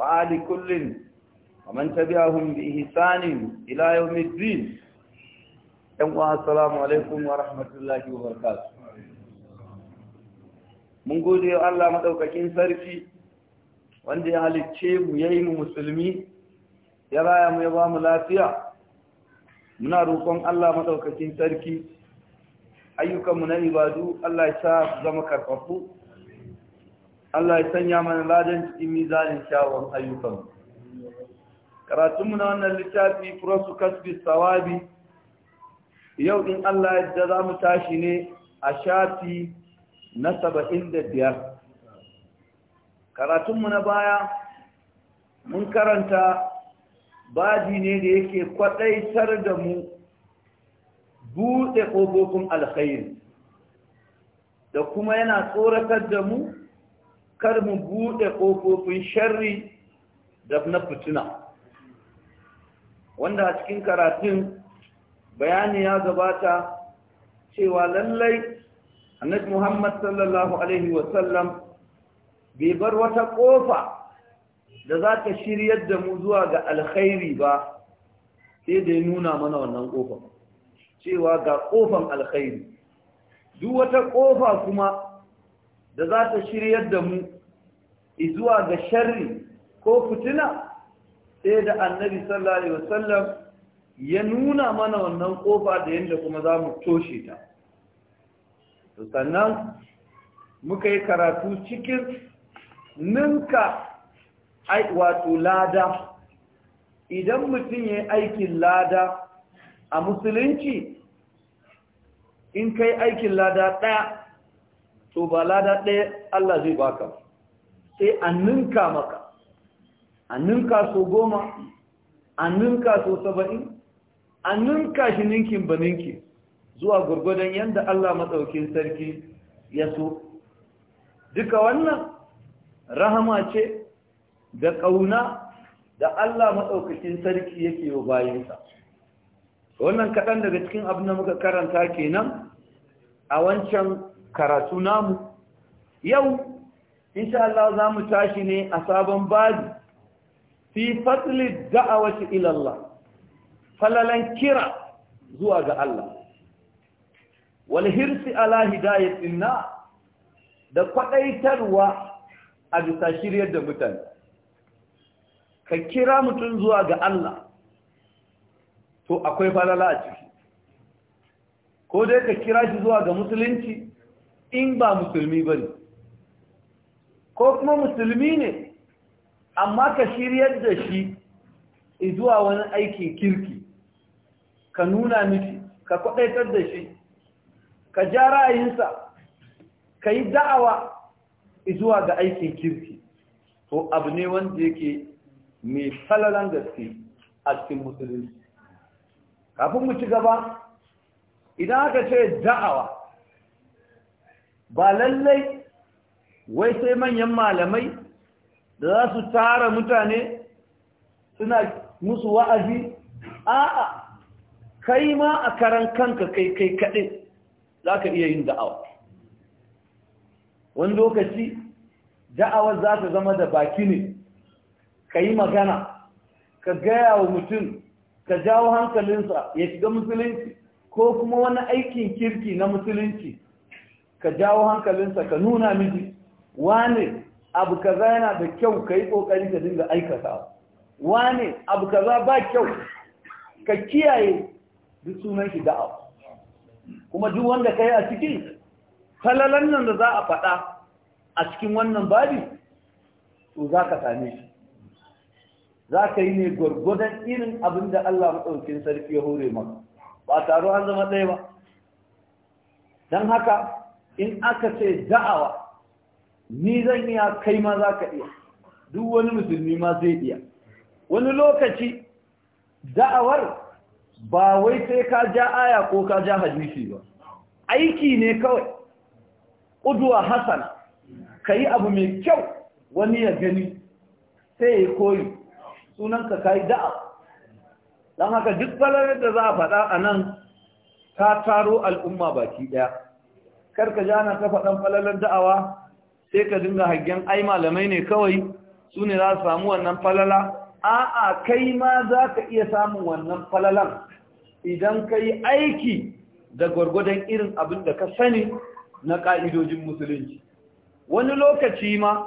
وآل كل ومن تبعهم بإحسان إلى يوم الدين السلام عليكم ورحمة الله وبركاته mun gode wa Allah maɗaukakin sarki wanda ya halicce mu ya yi mu musulmi ya raya mu ya ba mu lafiya muna roƙon Allah maɗaukakin sarki ayyukanmu na ibadu Allah ya sa zama karfafu Allah ya sanya mana ladan cikin mizanin kyawun ayyukan karatunmu na wannan littafi furasu kasbi sawabi yau in Allah yadda za mu tashi ne a shafi na saba'in da biyar karatunmu na baya mun karanta baji ne da yake kwaɗaitar da mu buɗe ƙofofin alkhairi da kuma yana tsoratar da mu kar mu buɗe ƙofofin sharri da na fitina wanda a cikin karatun bayani ya gabata cewa lallai annabi muhammad sallallahu alaihi wasallam bai bar wata ƙofa da za ta shiryar da mu zuwa ga alkhairi ba sai da ya nuna mana wannan ƙofa. cewa ga ƙofan alkhairi duk wata ƙofa kuma da za ta shiryar da mu izuwa ga sharri ko fitina sai da annabi sallallahu alaihi wasallam ya nuna mana wannan kofa da yadda kuma za mu toshe ta sannan muka yi karatu cikin ninka wato lada idan mutum ya yi aikin lada a musulunci in kai aikin lada ɗaya to ba lada ɗaya Allah zai baka sai a ninka maka a ninka so goma a ninka so saba'in a ninka shi ninkin ba ninki zuwa gurgudan yadda Allah matsaukin sarki ya so duka wannan rahama ce da ƙauna da Allah matsaukakin sarki yake wa bayansa wannan kaɗan daga cikin abin da muka karanta kenan a wancan karatu namu yau insha Allah za mu tashi ne a sabon bazi fi fatlid da'awati ila Allah falalan kira zuwa ga Allah wal hirsi ala hidayatin na da kwadaitarwa a bisa shiryar da mutane ka kira mutum zuwa ga Allah to akwai falala a ciki ko dai ka kira shi zuwa ga musulunci in ba musulmi ba ne ko kuma musulmi ne amma ka shiryar da shi zuwa wani aikin kirki ka nuna miki ka kwadaitar da shi ka ja ra'ayinsa ka yi da'awa zuwa ga aikin kirki to abu ne wanda yake mai falalan gaske a cikin musulunci kafin mu ci gaba idan aka ce da'awa ba lallai wai sai manyan malamai da za su tara mutane suna musu wa'azi a'a kai ma a karan kanka kai kai kaɗe za ka iya yin da'awa wani lokaci da'awar za ta zama da baki ne ka yi magana ka gaya wa mutum ka jawo hankalinsa ya shiga musulunci ko kuma wani aikin kirki na musulunci ka jawo hankalinsa ka nuna miji wane abu kaza yana da kyau ka yi ƙoƙari ka dinga aikata wane abu kaza ba kyau ka kiyaye duk sunan shi abu kuma duk wanda ka yi a ciki falalan nan da za a faɗa a cikin wannan babi to za ka same shi za ka yi ne gwargwadon irin abin da Allah maɗaukin sarki ya hore maka ba taro an zama ɗaya ba don haka in aka ce da'awa ni zan iya kai ma za ka iya duk wani musulmi ma zai iya wani lokaci da'awar ba wai sai ka ja aya ko ka ja hadisi ba aiki ne kawai ƙuduwa hasana ka yi abu mai kyau wani ya gani sai ya koyi sunanka ka yi da'a Dan haka duk falalar da za a faɗa a nan ta taro al'umma baki ɗaya karka ji ana kafa falalar da'awa sai ka dinga hagen ai malamai ne kawai su ne za su samu wannan falala a'a kai ma za ka iya samun wannan falalan idan ka yi aiki da gwargwadon irin abin da ka sani na ƙa'idojin musulunci wani lokaci ma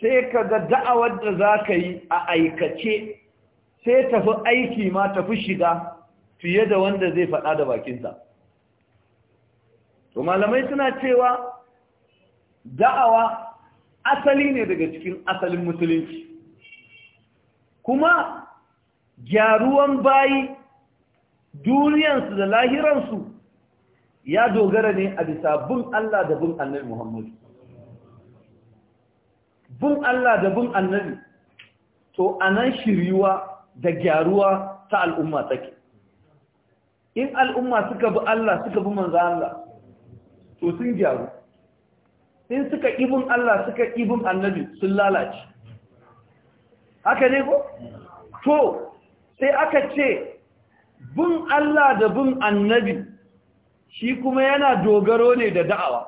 sai ka ga da'awar da za ka yi a aikace sai tafi aiki ma tafi shiga fiye da wanda zai faɗa da bakinsa to malamai suna cewa da'awa asali ne daga cikin asalin musulunci kuma gyaruwan bayi duniyansu da lahiransu ya dogara ne a bisa bin Allah da bin annabi Muhammadu bin Allah da bin annabi to anan shiriwa da gyaruwa ta al'umma take in al'umma suka bi Allah suka bi manzo Allah to sun gyaru in suka ibin Allah suka ibin annabi sun lalace haka ne ko to sai aka ce bin Allah da bin annabi shi kuma yana dogaro ne da da'awa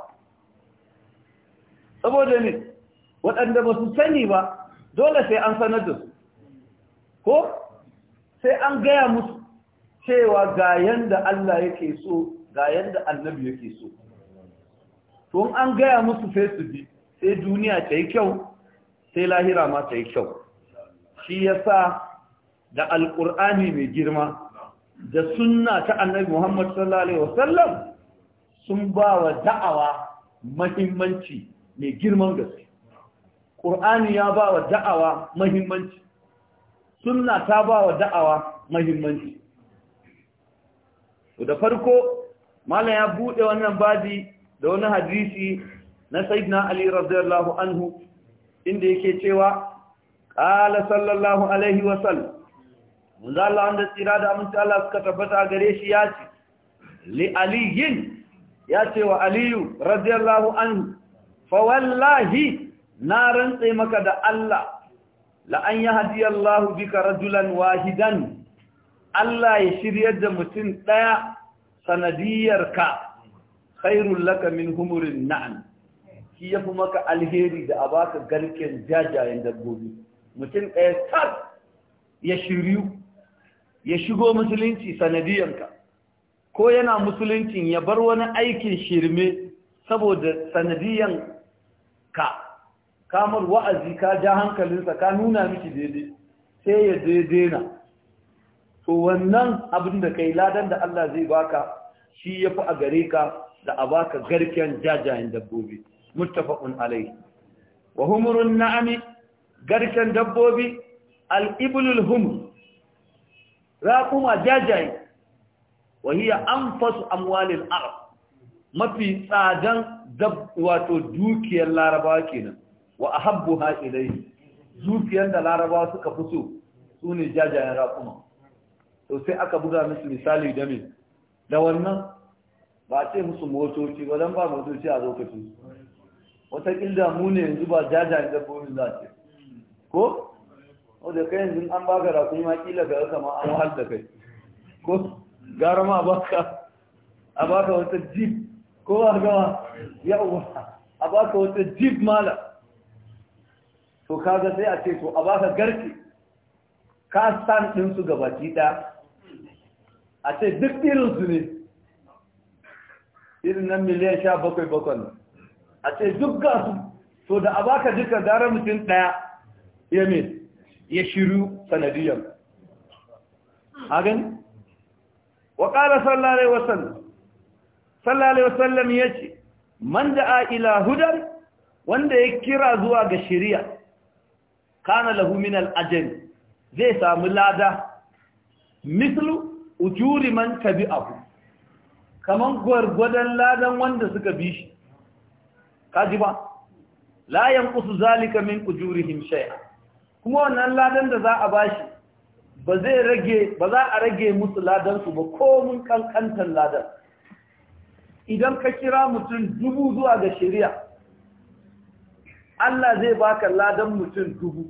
saboda ne waɗanda ba su sani ba dole sai an sanar da su ko sai an gaya musu cewa ga yanda Allah yake so ga yanda annabi yake so to an gaya musu sai su bi sai duniya ta yi kyau sai lahira ma ta yi kyau shi yasa da alkur'ani mai girma da sunna ta annabi Muhammad sallallahu alaihi wasallam sun ba wa da'awa mahimmanci mai girman gaske Qur'ani ya ba wa da'awa mahimmanci sunna ta ba wa da'awa mahimmanci da farko malam ya bude wannan badi da wani hadisi na sayyidina ali radiyallahu anhu inda yake cewa qala sallallahu alaihi wa sallam Allah da tsira da aminci Allah suka tabbata gare shi ya ce li ya ce wa aliyu radiyallahu anhu fa wallahi na rantse maka da Allah la an yahdiyallahu bika rajulan wahidan Allah ya shiryar da mutum daya ka khairul laka min humurin na'am shi yafi maka alheri da a baka garken jajayen dabbobi mutum ɗaya tar ya shiryu ya shigo musulunci sanadiyanka ko yana musuluncin ya bar wani aikin shirme saboda sanadiyan ka kamar wa'azi ka ja hankalinsa ka nuna miki daidai sai ya daidaina to wannan abin da kai ladan da Allah zai baka shi yafi a gare ka da a ka garken jajayen dabbobi muttafaqun alaihi wa humurun na'ami garken dabbobi al-iblul humur raƙuma jajaye wa hiya anfasu amwalil arab mafi tsadan wato dukiyar larabawa kenan wa ahabbuha ilayhi dukiyar da larabawa suka fi so sune jajayen raƙuma. to sai aka buga musu misali da me da wannan ba ce musu motoci ba don ba motoci a lokacin watakila mu ne yanzu ba jajayen dabbobin za ce ko wadda kai yanzu an baka rakuni ma kila ga yau kama an wahal da kai ko gara ma baka a baka wata jeep ko ba gawa yaw'a a baka wata jeep mala to kaga sai a ce to a baka garke ka san ɗinsu su gabaki ɗaya a ce duk irinsu ne irin nan miliyan sha bakwai bakwai a ce duk gasu so da a baka duka zarar mutum ɗaya ya me ya shiru sanadiyar gani? wa ƙara sallalai wasallam sallalai wasallam ya ce man da a ila hudar wanda ya kira zuwa ga shirya kana lahu min zai samu lada mislu ujuri man abu kaman gwargwadon ladan wanda suka bi shi kaji ba la yanqusu zalika min ujurihim shay'a kuma wannan ladan da za a bashi ba zai rage ba za a rage musu ladan su ba komun kankantan ladan idan ka kira mutum dubu zuwa ga shari'a Allah zai baka ladan mutum dubu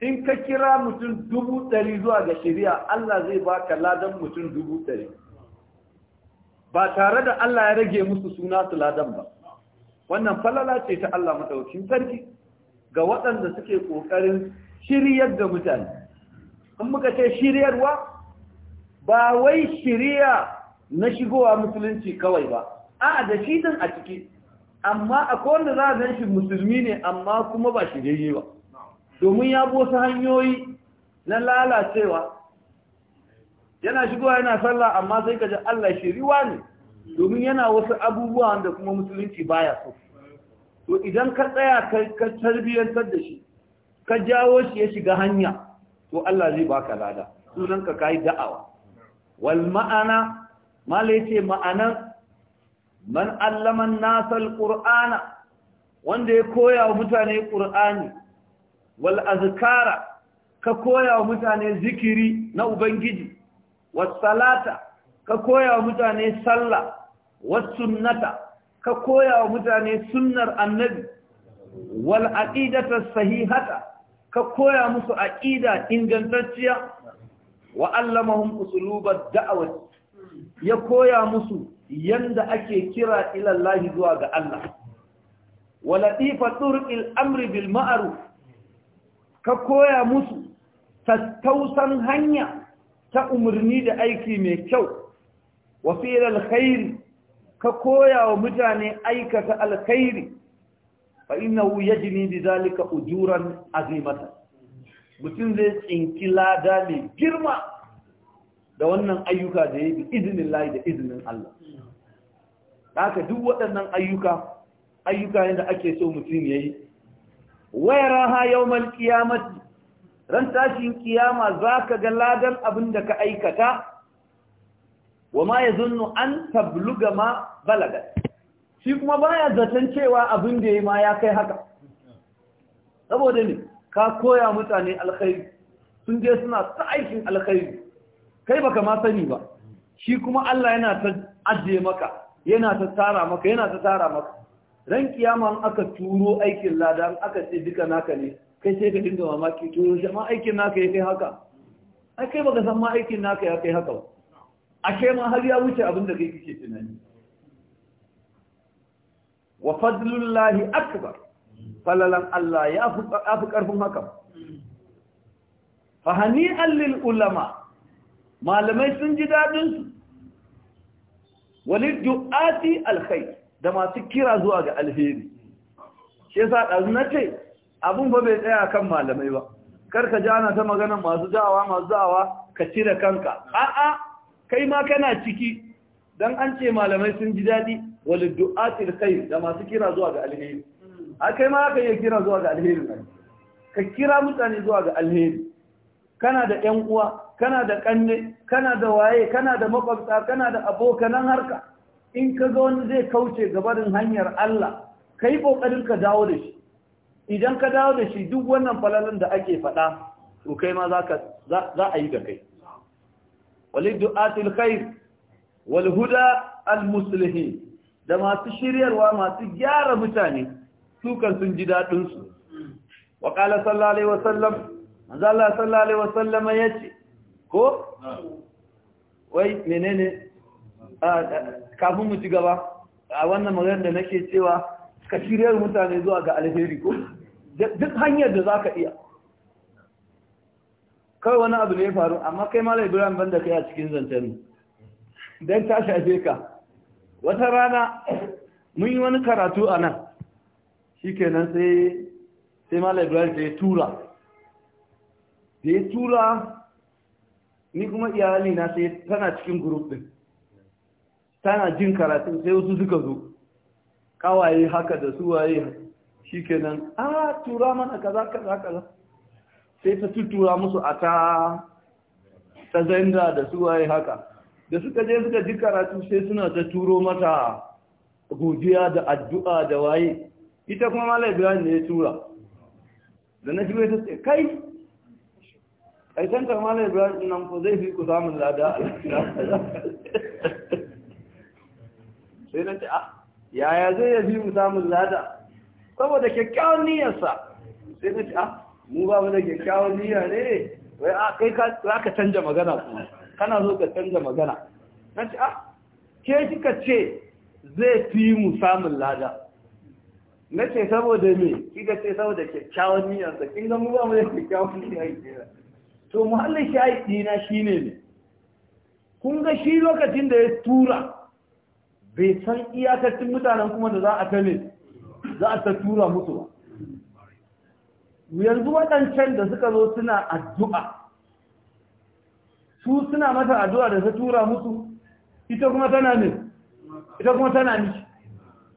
in ka kira mutum dubu dari zuwa ga shari'a Allah zai baka ladan mutum dubu dari. ba tare da Allah ya rage musu suna su ladan ba wannan falala ce ta Allah matsaukin sarki ga waɗanda suke ƙoƙarin shiryar da mutane in muka ce shiryarwa ba wai shirya na shigowa musulunci kawai ba a da shi din a ciki amma akwai wanda za a gan shi musulmi ne amma kuma ba shirye ba domin ya bosa hanyoyi na lalacewa yana shigowa yana sallah amma sai ka ji Allah shiriwa ne domin yana wasu abubuwa da kuma musulunci baya so to idan ka tsaya ka ka tarbiyyantar da shi ka jawo shi ya shiga hanya to Allah zai baka lada sunan ka kai da'awa wal ma'ana malai ce ma'anan man allama an-nasal qur'ana wanda ya koya wa mutane qur'ani wal azkara ka koya wa mutane zikiri na ubangiji Wasalata ka koya wa mutane sallah wasunnata ka koya wa mutane sunnar annabi wal aqidata sahihata ka koya musu aqida ingantacciya wa allamahum usulubat da'wat ya koya musu yanda ake kira ila Allah zuwa ga Allah wa latifa turqil amri bil ma'ruf ka koya musu tattausan hanya ta umarni da aiki mai kyau wa fi'lal khairi ka koya wa mutane aikata alkhairi fa innahu yajni bi zalika ujuran azimatan mutum zai tsinki lada mai girma da wannan ayyuka da ya bi izinin layi da izinin Allah. Haka duk waɗannan ayyuka, ayyuka yadda ake so mutum ya yi, wayara ha yau malkiyamati ran tashin kiyama za ka ga ladan abin da ka aikata wa ma ya zunnu an tabluga ma balaga shi kuma baya zaton cewa abin da ya ma ya kai haka saboda ne ka koya mutane alkhairi sun je suna ta aikin alkhairi kai baka ma sani ba shi kuma Allah yana ta ajiye maka yana ta tara maka yana ta tara maka ran kiyama aka turo aikin ladan aka ce duka naka ne kai sai ka dinga mamaki to ma aikin naka ya kai haka ai kai baka san ma aikin naka ya kai haka ba ashe ma har ya wuce abin da kai kike tunani wa fadlullahi akbar falalan Allah ya fi karfin haka fa hani'an lil ulama malamai sun ji dadin su walid du'ati alkhair da masu kira zuwa ga alheri shi yasa dazu nace abun ba bai tsaya kan malamai ba karka ka jana ta magana masu da'awa masu da'awa ka cire kanka a'a kai ma kana ciki dan an ce malamai sun ji dadi wal du'atil khair da masu kira zuwa ga alheri a kai ma ka yi kira zuwa ga alheri ka kira mutane zuwa ga alheri kana da 'yan uwa kana da kanne kana da waye kana da makwabta kana da abokanan harka in ka ga wani zai kauce gabarin hanyar Allah kai kokarin ka dawo da shi idan ka dawo da shi duk wannan falalan da ake faɗa to kai ma za a yi ga kai walidu'atul khair wal huda al muslihin da masu shiryarwa masu gyara mutane su kan sun ji dadin su wa qala sallallahu alaihi wasallam Allah sallallahu alaihi wasallam yace ko wai menene kafin mu ci gaba a wannan magana da nake cewa ka shiryar mutane zuwa ga alheri ko duk hanyar da za ka iya kawai wani abu ne ya faru amma kai mala ibrahim banda kai a cikin zancen don ta shafe ka wata rana mun yi wani karatu a nan shi kenan sai sai mala ibrahim sai tura da ya tura ni kuma iyali na sai tana cikin group din tana jin karatun sai wasu suka zo kawaye haka da su waye shi kenan a ah, tura mana kaza kaza kaza sai ta tura musu a ta ta zanda da waye haka da suka je suka ji karatu sai suna ta turo mata godiya da addu'a da waye ita kuma malai ibrahim ne ya tura da na shigo ta ce kai aikanta malai ibrahim nan ko zai fi ku samun lada sai na ce a ah, yaya zai ya fi ku samun lada saboda kyakkyawan niyyarsa sai na ce a ah, mu ba mu da kyakkyawan niyya ne wai a ah, kai za ka canja magana kuma kana zo ka canja magana na ce a ah, ke kika ce zai fi mu samun lada na ce saboda me kika ce saboda kyakkyawan niyyarsa kin ga mu ba mu da kyakkyawan niyyar to muhallin shayi na shine ne kun ga shi lokacin da ya tura bai san iyakacin mutanen kuma da za a tame za a ta tura musu ba yanzu waɗancan da suka zo suna addu'a su suna mata addu'a da ta tura musu ita kuma tana ne ita kuma tana nishi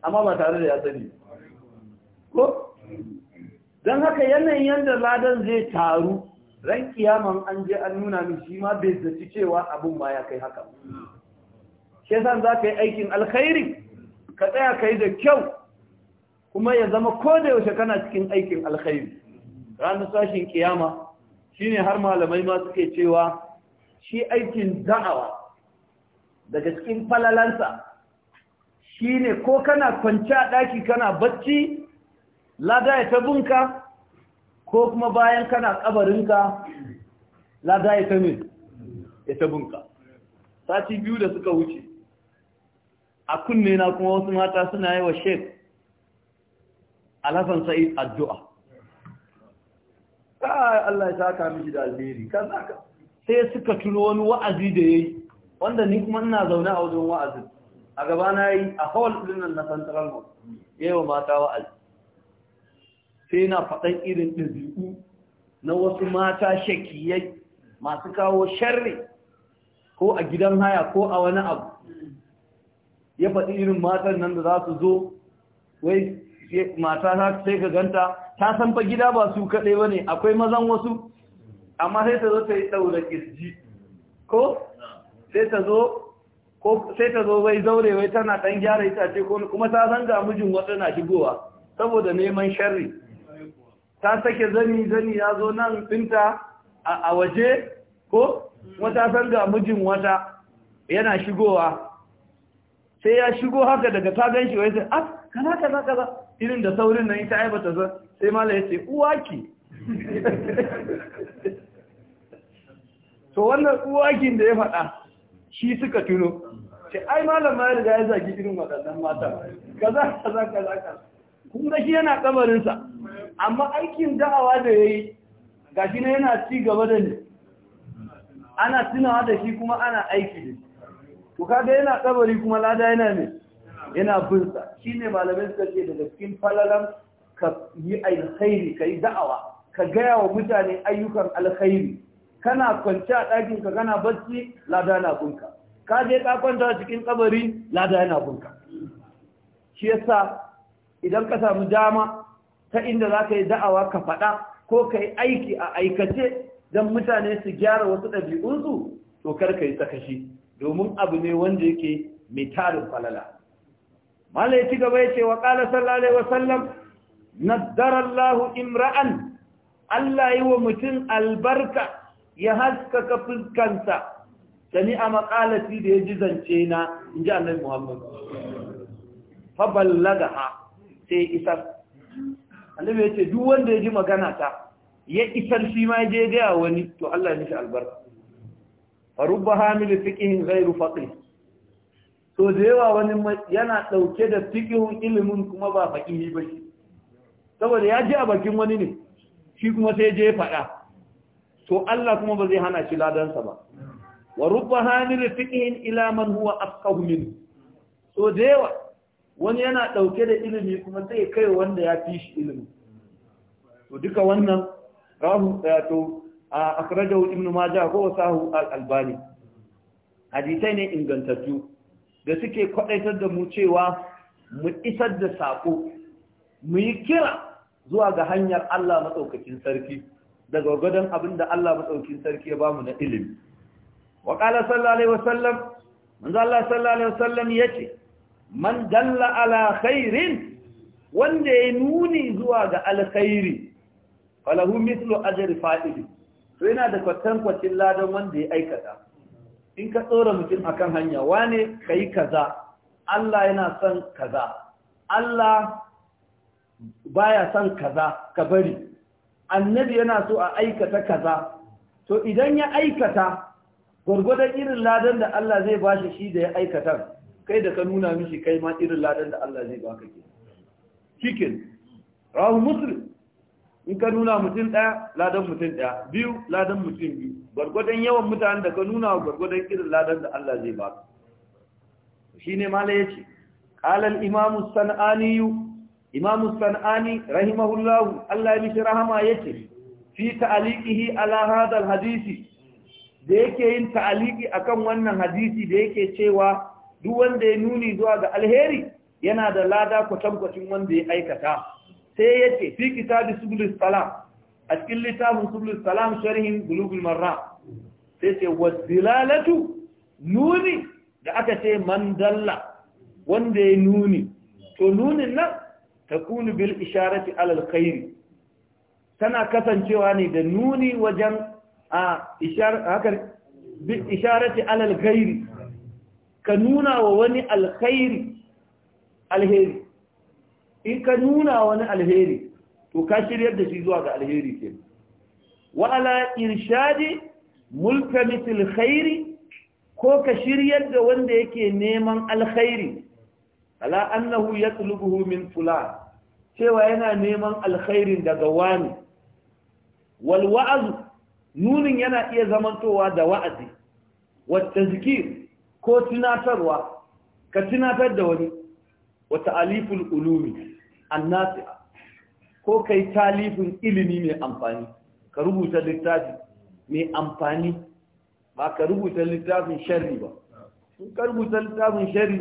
amma ba tare da ya sani ko don haka yanayin yadda ladan zai taru ran kiyaman an je an nuna min shi ma bai zaci cewa abin ma ya kai haka shi za ka yi aikin alkhairi ka tsaya ka yi da kyau kuma ya zama ko da yaushe kana cikin aikin alkhairi ranar sashin kiyama shine har malamai ma suke cewa shi aikin da'awa daga cikin falalansa shine ko kana kwanci a ɗaki kana bacci lada ya tabunka ko kuma bayan kana kabarinka lada ya tamin ya tabunka sati biyu da suka wuce a kunne na kuma wasu mata suna yi wa shek. alasan sai addu'a Aa Allah ya saka miki da alheri ka sai suka tuno wani wa'azi da yayi wanda ni kuma ina zaune a wajen wa'azin a gaba na yi a hall din nan na Central Mall yayin mata wa'azi sai na faɗan irin ɗabi'u na wasu mata shakiyai masu kawo sharri ko a gidan haya ko a wani abu ya faɗi irin matan nan da za su zo wai mata ta sai ka ganta ta san fa gida ba su kadai ba ne akwai mazan wasu amma sai ta zo ta yi ɗaura kirji ko sai ta zo ko sai ta zo bai zaure bai tana ɗan gyara itace ko kuma ta san ga mijin wata na shigowa saboda neman sharri ta sake zani zani ya zo nan ɗinta a waje ko wata san ga mijin wata yana shigowa sai ya shigo haka daga ta gan shi wai sai ah kana kaza kaza irin da saurin nan ita aibata zan sai mala ya ce uwa ki to wannan uwakin da ya faɗa shi suka tuno ce ai malam ma ya riga ya zagi irin waɗannan mata kaza kaza kaza kun shi yana kamarinsa amma aikin da'awa da ya yi ga shi ne yana ci gaba da ne ana tunawa da shi kuma ana aiki da shi to kaga yana kabari kuma lada yana ne yana bin sa shine malamai suka ke daga cikin falalan ka yi alkhairi ka yi da'awa ka gaya wa mutane ayyukan alkhairi kana kwanci a ɗakin ka kana barci lada yana bunka ka je ka kwanta cikin kabari lada yana bunka shi yasa idan ka samu dama ta inda za ka yi da'awa ka faɗa ko ka yi aiki a aikace don mutane su gyara wasu ɗabi'unsu to kar ka yi tsakashi domin abu ne wanda yake mai tarin falala malai ci gaba ya ce wa ƙala sallallahu alaihi wasallam naddarallahu imra'an Allah yi wa mutum albarka ya haskaka fuskansa sani a makalati da ya ji zance na in ji annabi Muhammad fa ha sai isar annabi ya ce duk wanda ya ji magana ta ya isar shi ma je gaya wani to Allah ya mishi albarka farubba hamil fiqhin ghairu faqih to da yawa wani yana ɗauke da fiƙihun ilimin kuma ba faƙihi ba shi saboda ya ji a bakin wani ne shi kuma sai je faɗa to Allah kuma ba zai hana shi ladansa ba wa rubba hanil fikihin ila man huwa afqahu min To da yawa wani yana ɗauke da ilimi kuma sai kai wanda ya fi shi ilimi to duka wannan rahu eh, to a akhrajahu ibn majah ko sahu al-albani hadisai ne ingantattu da suke kwadaitar da mu cewa mu isar da saƙo, mu yi kira zuwa ga hanyar Allah matsaukakin sarki daga gwargwadon abin da Allah matsaukakin sarki ya bamu na ilimi wa qala sallallahu sallam wasallam manzo Allah sallallahu ya yace man dalla ala khairin wanda ya nuni zuwa ga alkhairi falahu mislu ajar fa'ili to yana da kwatankwacin ladan wanda ya aikata in ka tsora mutum a kan hanya wane ka yi kaza Allah yana son kaza Allah baya son kaza ka bari annabi yana so a aikata kaza to idan ya aikata gwargwadon irin ladan da Allah zai bashi shi da ya aikata kai da ka nuna mishi kai ma irin ladan da Allah zai baka ke cikin rahu musulun in ka nuna mutum ɗaya ladan mutum ɗaya biyu ladan mutum biyu gwargwadon yawan mutanen da ka nuna wa gwargwadon irin ladan da Allah zai ba ka shi ne mala ya ce ƙalar imamu san'ani imamu san'ani rahimahullahu Allah ya mishi rahama ya ce fi ta'aliƙihi ala hadal hadisi da yake yin ta'aliki akan wannan hadisi da yake cewa duk wanda ya nuni zuwa ga alheri yana da lada kwatankwacin wanda ya aikata sai ya ce fi kitabi sublis salam a cikin littafin subul salam sharhin bulugul marra sai ce wadilalatu nuni da aka ce mandalla wanda ya nuni to nunin nan takunu bil isharati alal khairi tana kasancewa ne da nuni wajen a isharati alal ka nuna wa wani alkhairi alheri in ka nuna wani alheri to ka shiryar da shi zuwa ga alheri ke wa ala irshadi mithl khairi ko ka shiryar da wanda yake neman alkhairi ala annahu yatlubuhu min fulan cewa yana neman alkhairin daga wani wal nunin yana iya zamantowa da wa'azi wa tazkir ko tunatarwa ka tunatar da wani wa ta'aliful ulumi annasi'a ko kai talifin ilimi mai amfani ka rubuta littafi mai amfani ba ka rubuta littafin shari ba in ka rubuta littafin shari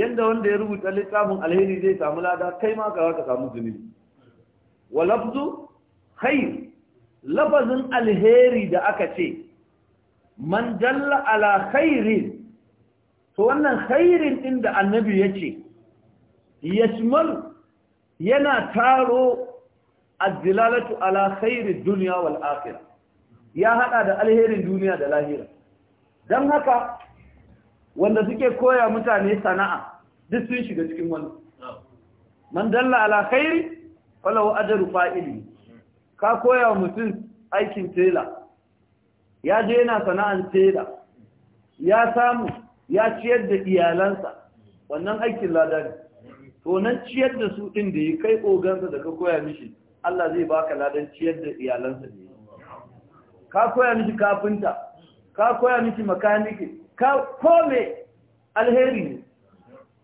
yadda wanda ya rubuta littafin alheri zai samu lada kai ma ka ka samu zunubi wa lafzu khair lafazin alheri da aka ce man dalla ala khairin to wannan khairin din da annabi yace yashmal yana taro azzilalatu ala khairid dunya wal akhirah ya hada da alherin duniya da lahira dan haka wanda suke koya mutane sana'a duk sun shiga cikin wannan man dalla ala khairi falahu ajru fa'ili ka koya wa mutum aikin tela ya je yana sana'an tela ya samu ya ciyar da iyalansa wannan aikin ladari to nan ciyar da su din da yi kai ogansa da ka koya mishi Allah zai baka ladan ciyar da iyalansa ne ka koya miki kafinta ka koya miki makaniki ka kome alheri ne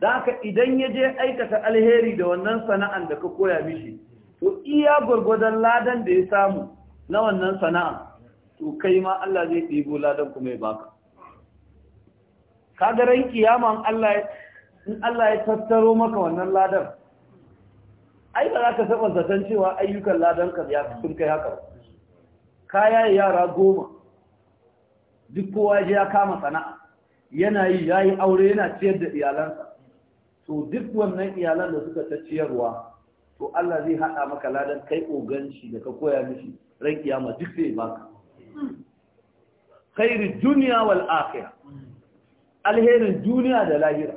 da idan ya je aikata alheri da wannan sana'an da ka koya mishi to iya gwargwadon ladan da ya samu na wannan sana'a to kai ma Allah zai ɗebo ladan kuma ya baka kaga ran kiyama in Allah ya tattaro maka wannan ladan ai ba za ka saba zaton cewa ayyukan ladanka sun kai haka kaya yara goma duk kowa ya kama sana'a yana yi ya yi aure yana ciyar da iyalansa to duk wannan iyalan da suka ta ciyarwa to Allah zai haɗa maka ladan kai oganci da ka koya mishi ran kiyama duk zai baka khairu dunya wal akhirah alherin duniya da lahira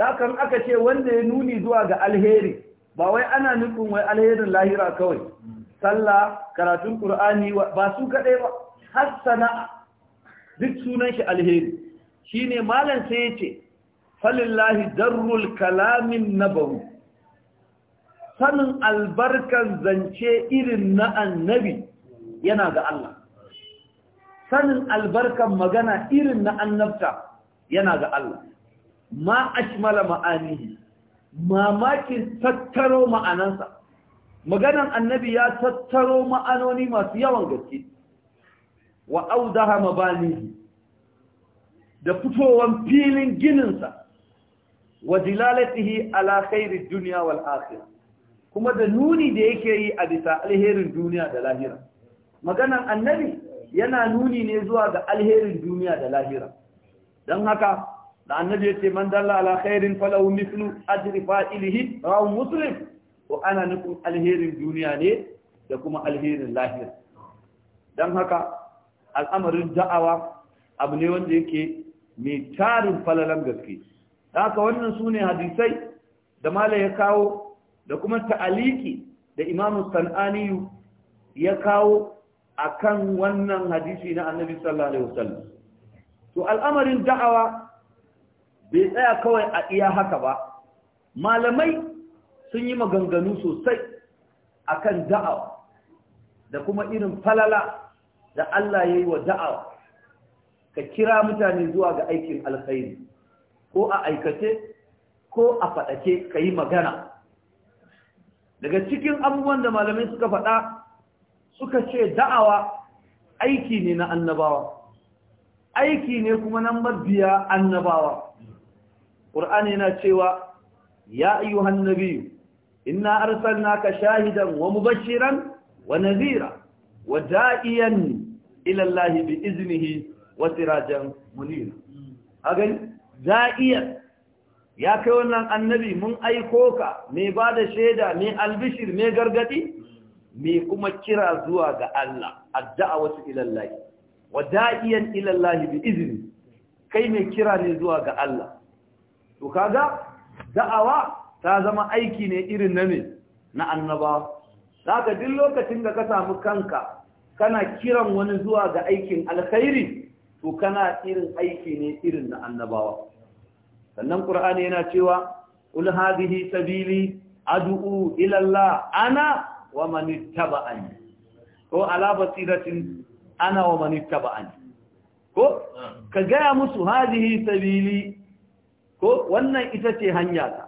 dakan aka ce wanda ya nuni zuwa ga alheri ba wai ana nufin wai alherin lahira kawai sallah karatun qur'ani ba su kadai ba hasana duk sunan shi alheri shine malam sai yace falillahi darrul kalamin nabawi sanin albarkan zance irin na annabi yana ga Allah sanin albarkan magana irin na annabta yana ga Allah ma ashmala ma'anihi mamakin tattaro ma'anansa maganan annabi ya tattaro ma'anoni masu yawan gaske wa audaha mabanihi da fitowan filin gininsa wa dilalatihi ala khairid dunya wal akhirah kuma da nuni da yake yi a bisa alherin duniya da lahira maganan annabi yana nuni ne zuwa ga alherin duniya da lahira don haka da annabi yace man dalla ala khairin falahu mithlu ajri fa'ilihi rawu muslim to ana nufin alherin duniya ne da kuma alherin lahira dan haka al'amarin da'awa abu ne wanda yake mai tarin falalan gaske haka wannan sune hadisai da mala ya kawo da kuma ta'aliki da imamu san'aniyu ya kawo akan wannan hadisi na annabi sallallahu alaihi wasallam to al'amarin da'awa bai tsaya kawai a iya haka ba malamai sun yi maganganu sosai akan da'awa da kuma irin falala da Allah ya yi wa da'awa ka kira mutane zuwa ga aikin alkhairi ko a aikace ko a faɗace ka yi magana daga cikin abubuwan da malamai suka faɗa suka ce da'awa aiki ne na annabawa aiki ne kuma na mabiya annabawa ƙur'ani na cewa ya ayyuhan nabiyu inna arsalnaka shahidan wa mubashiran wa nazira, wa da'iyan ila Allah bi iznihi wa sirajan munira agan da'iyan ya kai wannan annabi mun aiko ka me ba da shaida me albishir me gargadi me kuma kira zuwa ga Allah adda'awatu ila Allah wa da'iyan ila Allah bi izni kai me kira ne zuwa ga Allah to kaga da'awa ta zama aiki ne irin na ne na annaba zaka duk lokacin da ka samu kanka kana kiran wani zuwa ga aikin alkhairi to kana irin aiki ne irin na annabawa sannan qur'ani yana cewa qul hadhihi sabili ad'u ila allah ana wa man ittaba'ani ko ala basiratin ana wa man ittaba'ani ko ka gaya musu hadihi sabili ko wannan ita ce hanya ta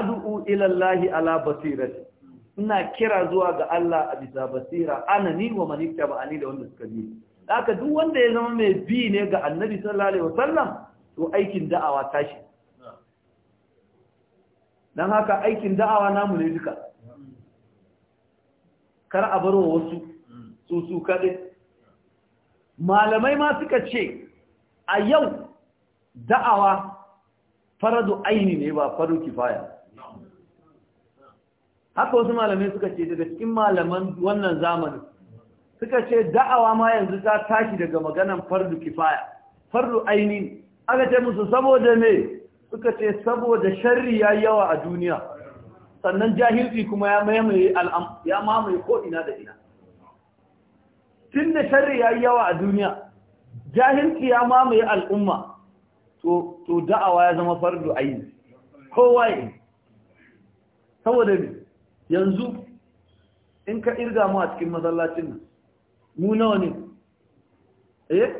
ad'u ila ala basirati ina kira zuwa ga Allah a bisa basira ana ni wa man ittaba ani da wanda suka bi haka duk wanda ya zama mai bi ne ga annabi sallallahu alaihi wasallam to aikin da'awa tashi dan haka aikin da'awa namu ne duka kar a bar wasu su su kade malamai ma suka ce a yau da'awa faradu aini ne ba faru kifaya haka wasu malamai suka ce daga cikin malaman wannan zamanin suka ce da'awa ma yanzu ta tashi daga maganan fardu kifaya fardu aini aka ce musu saboda me suka ce saboda sharri ya yawa a duniya sannan jahilci kuma ya mamaye ya mamaye ko ina da ina tun da sharri ya yawa a duniya jahilci ya mamaye al'umma to da'awa ya zama fardu ayin kowa yi saboda yanzu in ka irga mu a cikin masallacin nan mu nawa ne eh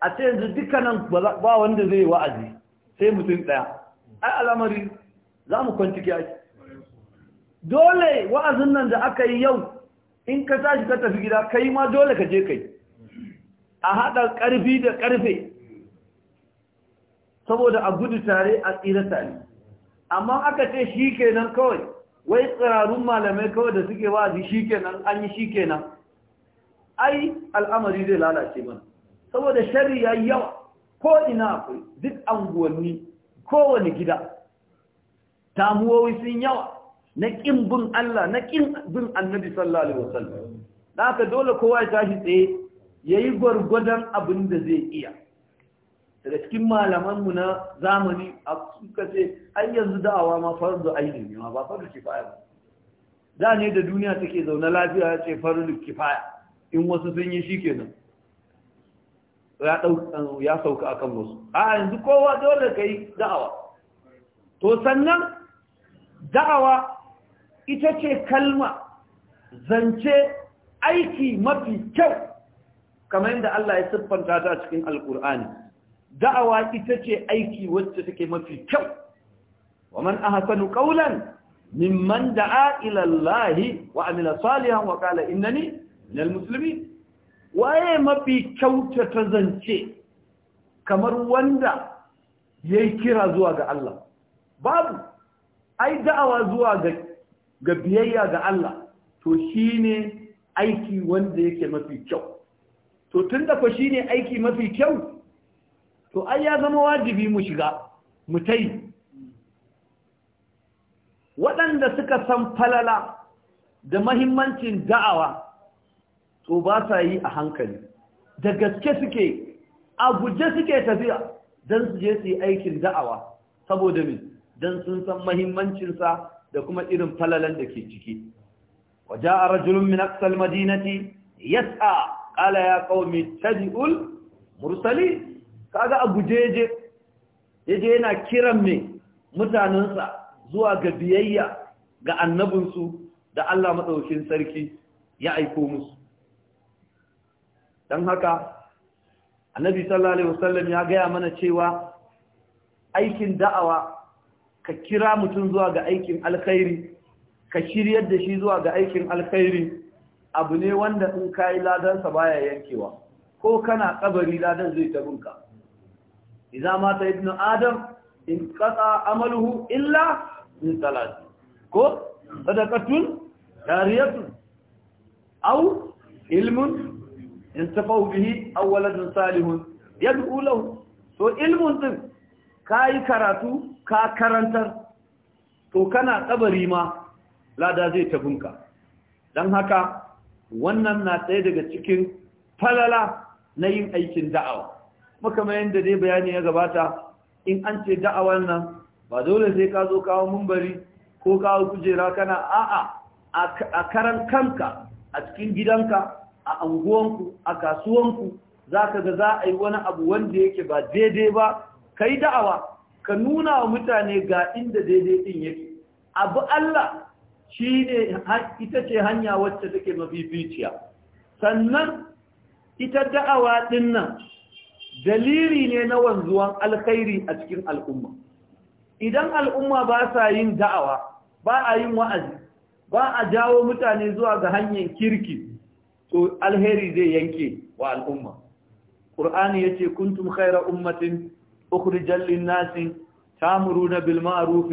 a ce yanzu dukkanan ba wanda zai yi wa'azi sai mutum daya ai al'amari za mu kwantike ake dole wa'azin nan da aka yi yau in ka tashi ka tafi gida kai ma dole ka je kai a haɗa ƙarfi da ƙarfe saboda a gudu tare a tsira tare amma aka ce shi kenan kawai wai tsirarun malamai kawai da suke wazi shi kenan an yi shi kenan ai al'amari zai lalace mana saboda shari ya yawa ko ina akwai duk anguwanni kowane gida damuwowi sun yawa na ƙin bin Allah na ƙin bin annabi sallallahu alaihi wasallam da haka dole kowa ya tashi tsaye yayi gwargwadon abin da zai iya daga cikin malaman mu na zamani a suka ce ai yanzu da'awa ma da aini ne ma ba fardu kifaya ba da ne da duniya take zaune lafiya ya ce fardu kifaya in wasu sun yi shikenan ya dauka ya sauka akan wasu a yanzu kowa dole kai da'awa to sannan da'awa ita ce kalma zance aiki mafi kyau kamar yadda Allah ya siffanta ta cikin alkur'ani da'awa ita ce aiki wacce take mafi kyau wa man ahsanu qawlan mimman da'a ila Allah wa amila salihan wa qala innani minal muslimin waye mafi kyautata zance kamar wanda yayi kira zuwa ga Allah babu ai da'awa zuwa ga ga biyayya ga Allah to shine aiki wanda yake mafi kyau to tunda fa shine aiki mafi kyau to ai ya zama wajibi mu shiga mu tai waɗanda suka san falala da mahimmancin da'awa to ba sa yi a hankali da gaske suke a guje suke tafiya don su je su yi aikin da'awa saboda min don sun san mahimmancinsa da kuma irin falalan da ke ciki waje a rajulun min aksal madinati yasa ƙala ya ƙaumi tabi'ul mursali kaga abu jeje yaje yana kiran me mutanensa zuwa ga biyayya ga annabinsu da Allah maɗaukin sarki ya aiko musu dan haka annabi sallallahu alaihi wasallam ya gaya mana cewa aikin da'awa ka kira mutum zuwa ga aikin alkhairi ka shiryar da shi zuwa ga aikin alkhairi abu ne wanda in kayi sa baya yankewa ko kana kabari ladan zai tabunka idza mata ibnu adam in qata amaluhu illa min salat ko sadaqatun jariyatun aw ilmun yantafa bihi aw waladun salihun yad'u lahu so ilmun din kai karatu ka karantar to kana kabari ma lada zai tabunka Don haka wannan na tsaye daga cikin falala na yin aikin da'awa makamayin da dai bayani ya gabata in an ce da'awar nan ba dole sai ka zo kawo mumbari ko kawo kujera kana a'a a karan kanka a cikin gidanka a anguwanku a kasuwanku za ka ga za a yi wani abu wanda yake ba daidai ba ka yi da'awa ka nuna wa mutane ga inda daidai ɗin yake abu Allah shi ne ita ce hanya wacce take mafificiya sannan ita da'awa ɗin nan dalili ne na wanzuwan alkhairi a cikin al'umma idan al'umma ba sa yin da'awa ba a yin wa'azi ba a jawo mutane zuwa ga hanyar kirki to alheri zai yanke wa al'umma ƙur'ani ya ce kuntum khaira ummatin ukhrijal linnasi tamuruna bil ma'ruf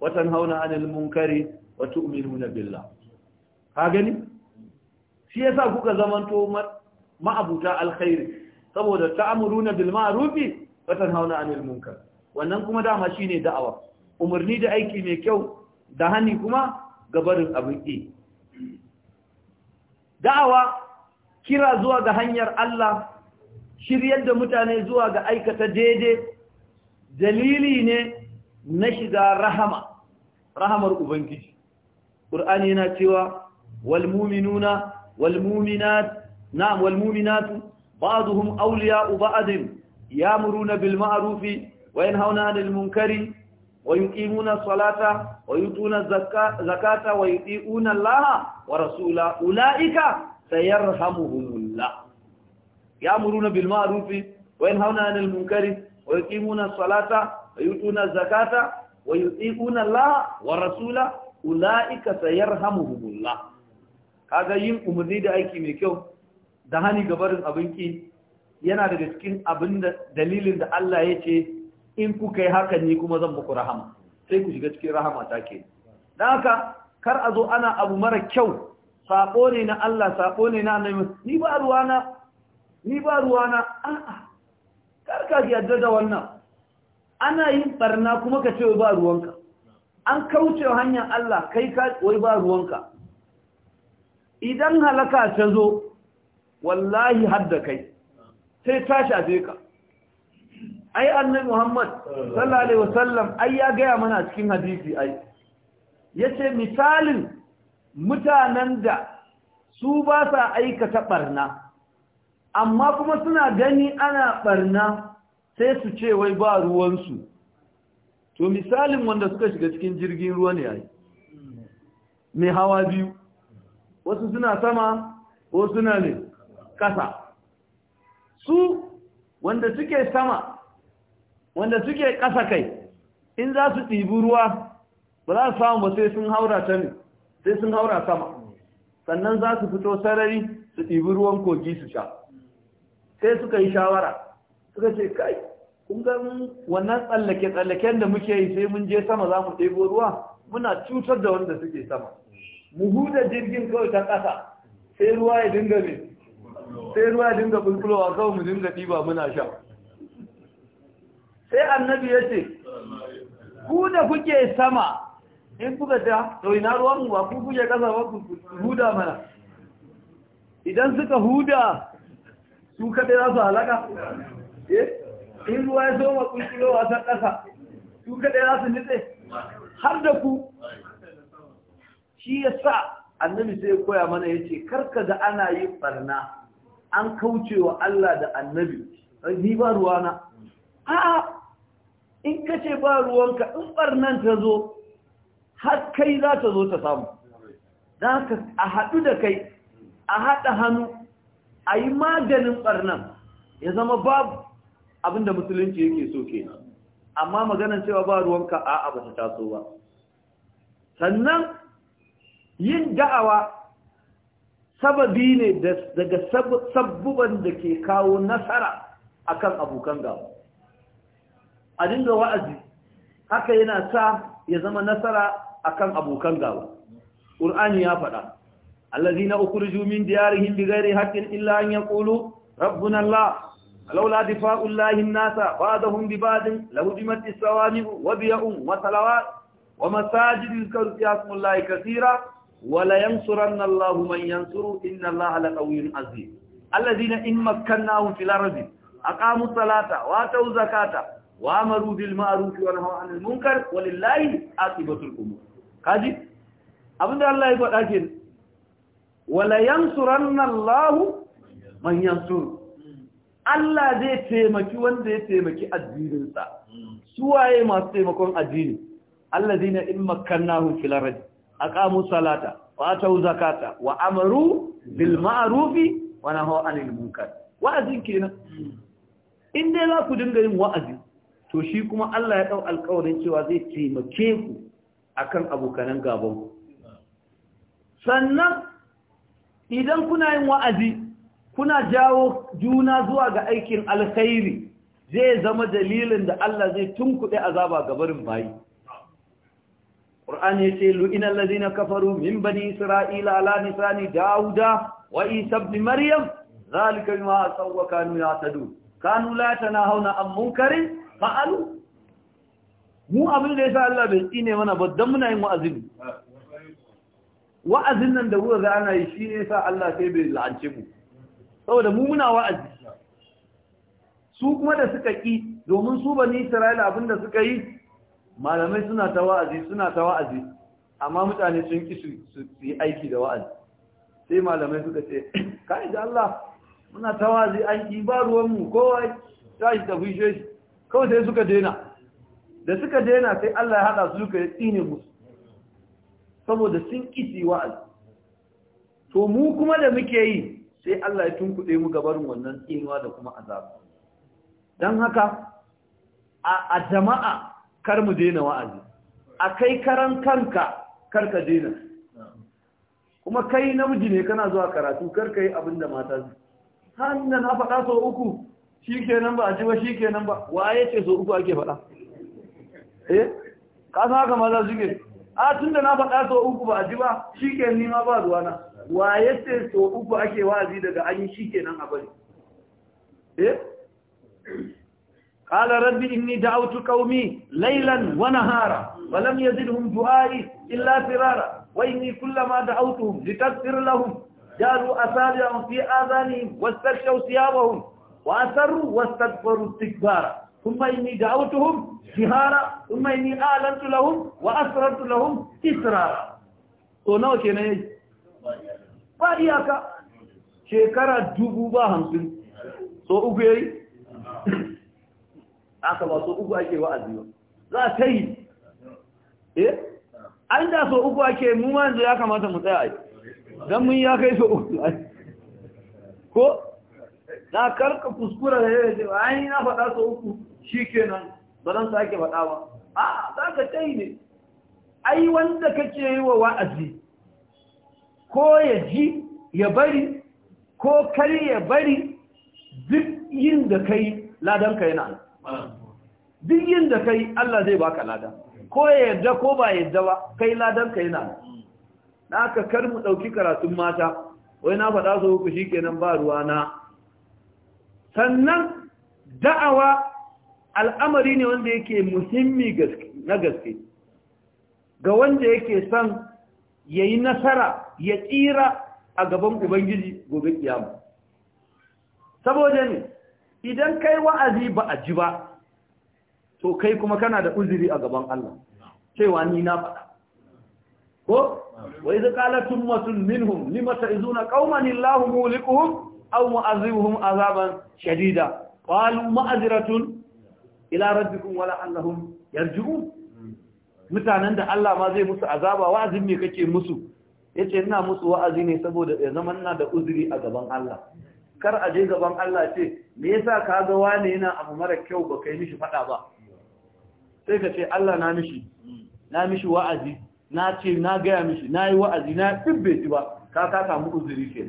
wa tanhauna 'anil munkari wa tu'minuna billah ka gani shi yasa kuka zamanto ma'abuta alkhairi saboda ta'muruna bil ma'rufi wa tanhauna 'anil munkar wannan kuma dama shine da'awa umarni da aiki mai kyau da hani kuma gabarin abin ki da'awa kira zuwa ga hanyar Allah shiryar da mutane zuwa ga aikata daidai dalili ne na shiga rahama rahamar ubangiji ƙur'ani yana cewa wal mu'minat na'am mu'minatu بعضهم أولياء بعض يامرون بالمعروف وينهون عن المنكر ويقيمون الصلاة ويؤتون الزكاة ويطيعون الله ورسوله أولئك سيرحمهم الله يأمرون بالمعروف وينهون عن المنكر ويقيمون الصلاة ويؤتون الزكاة ويطيعون الله ورسوله أولئك سيرحمهم الله هذا يمكن أمرني أيكي ميكيو da hani gabarin abin ki yana daga cikin abin da dalilin da Allah ya ce in kuka yi haka ni kuma zan muku rahama sai ku shiga cikin rahama ta ke Da haka kar a zo ana abu mara kyau sako ne na Allah sako ne na annabi ni ba ruwana ni ba ruwana a'a kar ka yarda da wannan ana yin barna kuma ka ce ba ruwanka an kauce hanyar Allah kai ka wai ba ruwanka idan halaka ta zo wallahi har da kai sai ta shafe ka ai annabi Muhammad sallallahu alaihi wasallam ai ya gaya mana a cikin hadisi ai yace misalin mutanen da su ba sa aikata barna amma kuma suna gani ana barna sai su ce wai ba ruwansu to misalin wanda suka shiga cikin jirgin ruwa ne ai mai hawa biyu wasu suna sama wasu suna ne Kasa, su wanda suke sama wanda suke kasa kai in za su ɗibi ruwa ba za su samu ba sai sun haura ta ne sai sun haura sama sannan za su fito sarari su ɗibi ruwan kogi su sha sai suka yi shawara suka ce kai kungan wannan tsallake-tsallaken da muke yi sai mun je sama za mu ɗebo ruwa muna cutar da wanda suke sama mu huda jirgin kawai ta ƙasa sai ruwa ya dinga mai sai ruwa dinga bulbulowa kawai mu dinga ɗiba muna sha sai annabi ya ce ku da kuke sama in kuka ta to ina ruwan ba ku kuke ƙasa ba ku huda mana idan suka huda su kaɗai za su halaka eh, in ruwa ya soma kulkulowa ta ƙasa su kaɗai za su nitse har da ku shi ya sa annabi sai koya mana ya ce karka da ana yi ɓarna an kauce wa Allah da annabi ni ba ruwana a'a in ka ce ba ruwanka in barnan ta zo har kai za ta zo ta samu don ka a haɗu da kai a haɗa hannu a yi maganin barnan ya zama babu abinda musulunci yake so ke amma maganar cewa ba ruwanka a'a ba ta taso ba sannan yin da'awa sababi ne daga sabbuban da ke kawo nasara akan abokan gaba a dinga wa'azi haka yana sa ya zama nasara akan abokan gaba ƙur'ani ya faɗa allazina ukhrijū min diyārihim bighayri haqqin illā an yaqūlū rabbunā allāh لولا دفاع الله الناس بعضهم ببعض لهدمت الصوامع وبيع وصلوات wa يذكر فيها اسم الله kasira. wala yansuranna Allahu man yansuru inna Allaha laqawiyyun aziz alladhina in makkannahum fil ardi aqamu salata wa atu zakata wa amaru bil ma'ruf wa nahaw 'anil munkar walillahi aqibatul umur kaji abinda Allah ya faɗa ke wala yansuranna Allahu man yansuru Allah zai taimaki wanda ya taimaki addininsa. Su waye masu taimakon addini? Allah zai na in makannahun filarad. aqamu salata wa atu zakata wa amru bil ma'ruf wa nahu anil munkar wa'azin kenan in dai za ku dinga yin wa'azi to shi kuma Allah ya dau alƙawarin cewa zai taimake ku akan abokanan gaban ku sannan idan kuna yin wa'azi kuna jawo juna zuwa ga aikin alkhairi zai zama dalilin da Allah zai tunkuɗe azaba gabarin bayi Qur'an ya ce lu'inal ladina kafaru min bani isra'ila ala lisani dauda wa isa ibn maryam zalika bima asaw wa kanu ya'tadu kanu la tanahuna an munkarin fa'alu mu abin da yasa Allah bai tsine mana ba dan muna yin wa'azin. wa'azin nan da ruwa za ana yi shi ne sa Allah sai bai la'ance mu saboda mu muna wa'azi su kuma da suka ki domin su bani isra'ila abinda suka yi malamai suna ta wa'azi suna ta wa'azi amma mutane sun ki su yi aiki da wa'azi sai malamai suka ce kai da Allah muna ta wa'azi an yi ba ruwanmu mu kowa ta shi shi kawai sai suka daina da suka daina sai Allah ya hada su suka tsine musu saboda sun ki wa'azi to mu kuma da muke yi sai Allah ya tunkuɗe mu gabarin wannan tsinuwa da kuma azabu. don haka a jama'a kar mu daina wa'azi a kai karan kanka kar ka daina kuma kai namiji ne kana zuwa karatu kar ka yi abin da mata su hannun na faɗa sau uku shi nan ba a ji ba shi nan ba waye ce sau uku ake faɗa eh kasan haka maza suke a tun da na faɗa sau uku ba a ji ba shi ni nima ba zuwa na waye ce sau uku ake wa'azi daga an yi shi kenan a bari eh قال رب إني دعوت قومي ليلا ونهارا ولم يزدهم دعائي إلا فرارا وإني كلما دعوتهم لتغفر لهم جالوا أصابعهم في آذانهم واستغشوا ثيابهم وأسروا واستكبروا استكبارا ثم إني دعوتهم جهارا ثم إني أعلنت لهم وأسررت لهم إسرارا تونو كنيج فإياك شكرا دبوبا همسن سو أبيعي aka ba so uku ake wa'azi ba za ta yi eh an da so uku ake mu ma yanzu ya kamata mu tsaya ai dan mun ya kai so uku ko na karka kuskura da yau ce ai na faɗa so uku shikenan ba zan sake faɗa ba a za ka yi ne ai wanda kake yi wa wa'azi ko ya ji ya bari ko kar ya bari duk yin da kai ladan ka yana duk yin da kai Allah zai baka lada ko ya yadda ko ba yadda ba kai ladan ka yana na aka karmu ɗauki karatun mata wai na faɗa su ku shi kenan ba ruwa na sannan da'awa al'amari ne wanda yake muhimmi na gaske ga wanda yake son ya yi nasara ya tsira a gaban ubangiji gobe kiyama saboda ne idan kai wa'azi ba a ji ba to kai kuma kana da uzuri a gaban Allah cewa ni na faɗa ko wa idza ƙalatun masu minhum izu na ƙaumanin lahun mulikuhun, aw mu'azibuhum azaban shadida qalu ma'ziratun ila rabbikum Allahun la'allahum yarji'un mutanen da Allah ma zai musu azaba wa'azin me kake musu Ya ce ina musu wa'azi ne saboda ya zama ina da uzuri a gaban Allah kar a je gaban Allah ce me yasa ka ga wane yana abu mara kyau ba kai mishi fada ba sai ka ce Allah na mishi na mishi wa'azi na ce na gaya mishi na yi wa'azi na shi ba ka ka samu uzuri ke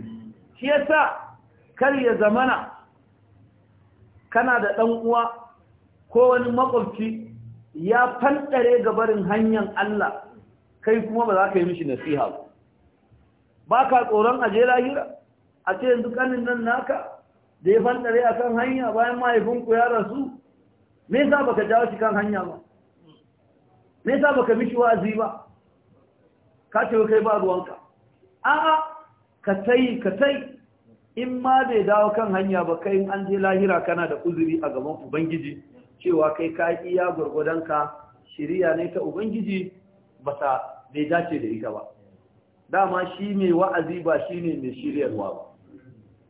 shi yasa kar ya zamana kana da dan uwa ko wani makwabci ya ga gabarin hanyar Allah kai kuma ba za ka yi mishi nasiha ba ka tsoron aje lahira a ce yanzu kanin nan naka da ya fantare a kan hanya bayan mahaifinku ya rasu me ba ka jawo shi kan hanya ba me ba ka mishi wa'azi ba ka ce kai ba ruwanka a'a ka tai ka tai in ma bai dawo kan hanya ba kai in an je lahira kana da uzuri a gaban ubangiji cewa kai ka yi iya ka shirya ne ta ubangiji ba ta bai dace da ita ba dama shi mai wa'azi ba shine mai shiryarwa ba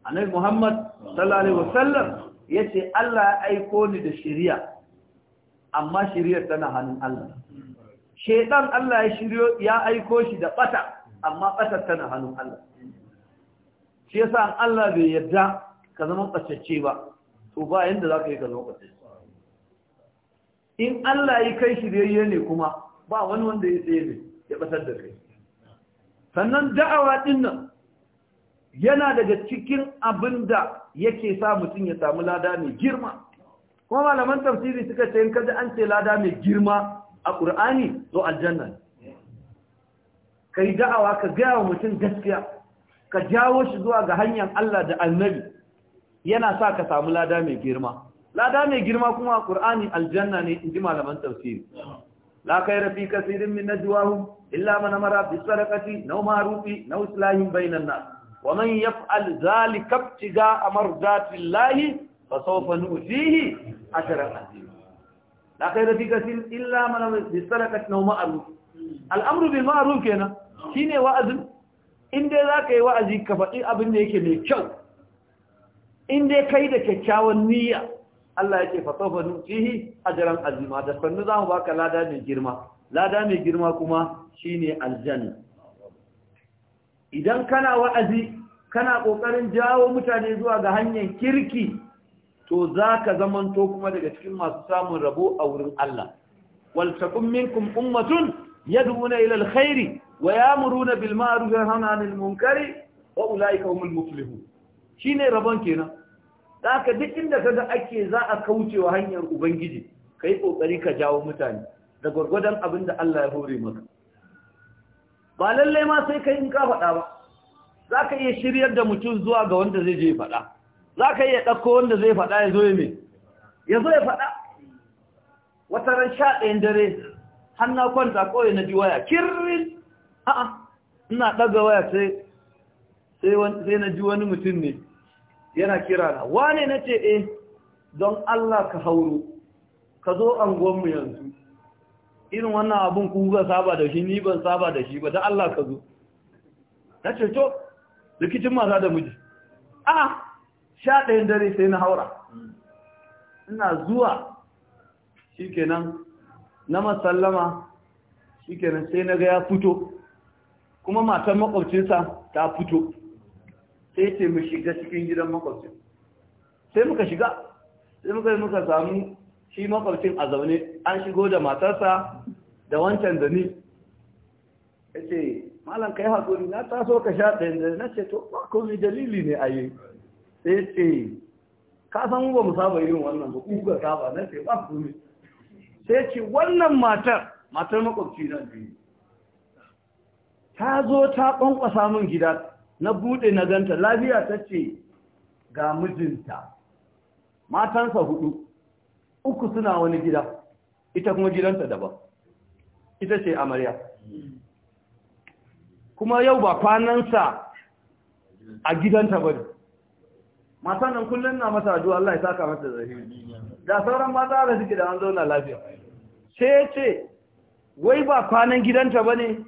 annabi Muhammad sallallahu alaihi wasallam yace Allah ya aiko ni da shari'a amma shari'ar tana hannun Allah shedan Allah ya shiryo ya aiko shi da bata amma bata tana hannun Allah shi yasa Allah bai yarda ka zama bacacce ba to ba yanda zaka yi ka zama bacacce in Allah ya kai shiryayye ne kuma ba wani wanda ya tsaye ne ya batar da kai sannan da'awa din nan yana daga cikin abin da yake sa mutum ya samu lada mai girma kuma malaman tafsiri suka ce in ji an ce lada mai girma a ƙur'ani to aljanna ka yi da'awa ka gaya wa mutum gaskiya ka jawo shi zuwa ga hanyar Allah da annabi yana sa ka samu lada mai girma lada mai girma kuma a ƙur'ani aljanna ne in ji malaman tafsiri la kai rafi kasirin min najwahum illa man amara bi sadaqati naw ma'rufi naw islahin bainan nas ومن يفعل ذلك ابتغاء مرضات الله فسوف نؤتيه أجرا عظيما لا خير في كثير إلا من استركت نوم معروف الأمر بالمعروف هنا shine wa'azin in dai za ka yi wa'azi ka faɗi abin da yake mai kyau in dai kai da kyakkyawan niyya Allah yake fasofa nucihi ajran azima da sannu zamu baka lada mai girma lada mai girma kuma shine aljanna idan kana wa'azi kana ƙoƙarin jawo mutane zuwa ga hanyar kirki to za ka zamanto kuma daga cikin masu samun rabo a wurin Allah waltakun minkum ummatun yad'una ila alkhairi wa ya'muruna bil bilma a yanhauna 'anil munkari wa ulaika humul shi shine rabon kenan ka duk inda kaga ake za a kauce wa hanyar ubangiji yi ƙoƙari ka jawo mutane da abin abinda Allah ya hore maka ba lallai ma sai kai in ka faɗa ba za ka iya shiryar da mutum zuwa ga wanda zai je faɗa za ka iya ɗauko wanda zai faɗa ya zo ya ya zo ya faɗa wata ran sha ɗayan dare har kwanta kawai na ji waya kirrin a'a ina ɗaga waya sai sai na ji wani mutum ne yana kira na wane na ce eh don Allah ka hauro ka zo anguwanmu yanzu irin wannan abin ku kuka saba da shi ni ban saba da shi ba da Allah ka zo ta ce to rikicin mata da miji a sha ɗayan dare sai na haura ina zuwa shikenan na masallama shikenan sai na ga ya fito kuma matan makwabcinsa ta fito sai ce mu shiga cikin gidan makwabcin sai muka shiga sai muka yi muka samu shi makwabcin a zaune an shigo da matarsa da wancan da ni ya ce malam kai haƙuri na taso ka sha ɗayan da na ce to ba mai dalili ne a yi sai ce ka san ba mu saba yin wannan ba ku ga saba na ce ba komai sai ce wannan matar matar makwabci na biyu ta zo ta kwankwasa min gida na bude na ganta lafiya ta ce ga mijinta matansa hudu uku suna wani gida ita kuma gidanta daban ita ce amarya kuma yau ba kwanansa a gidanta ba ne matan nan kullum na masa addu'a Allah ya saka masa zahiri da sauran mata da suke da an zauna lafiya sai ce wai ba kwanan gidanta ba ne?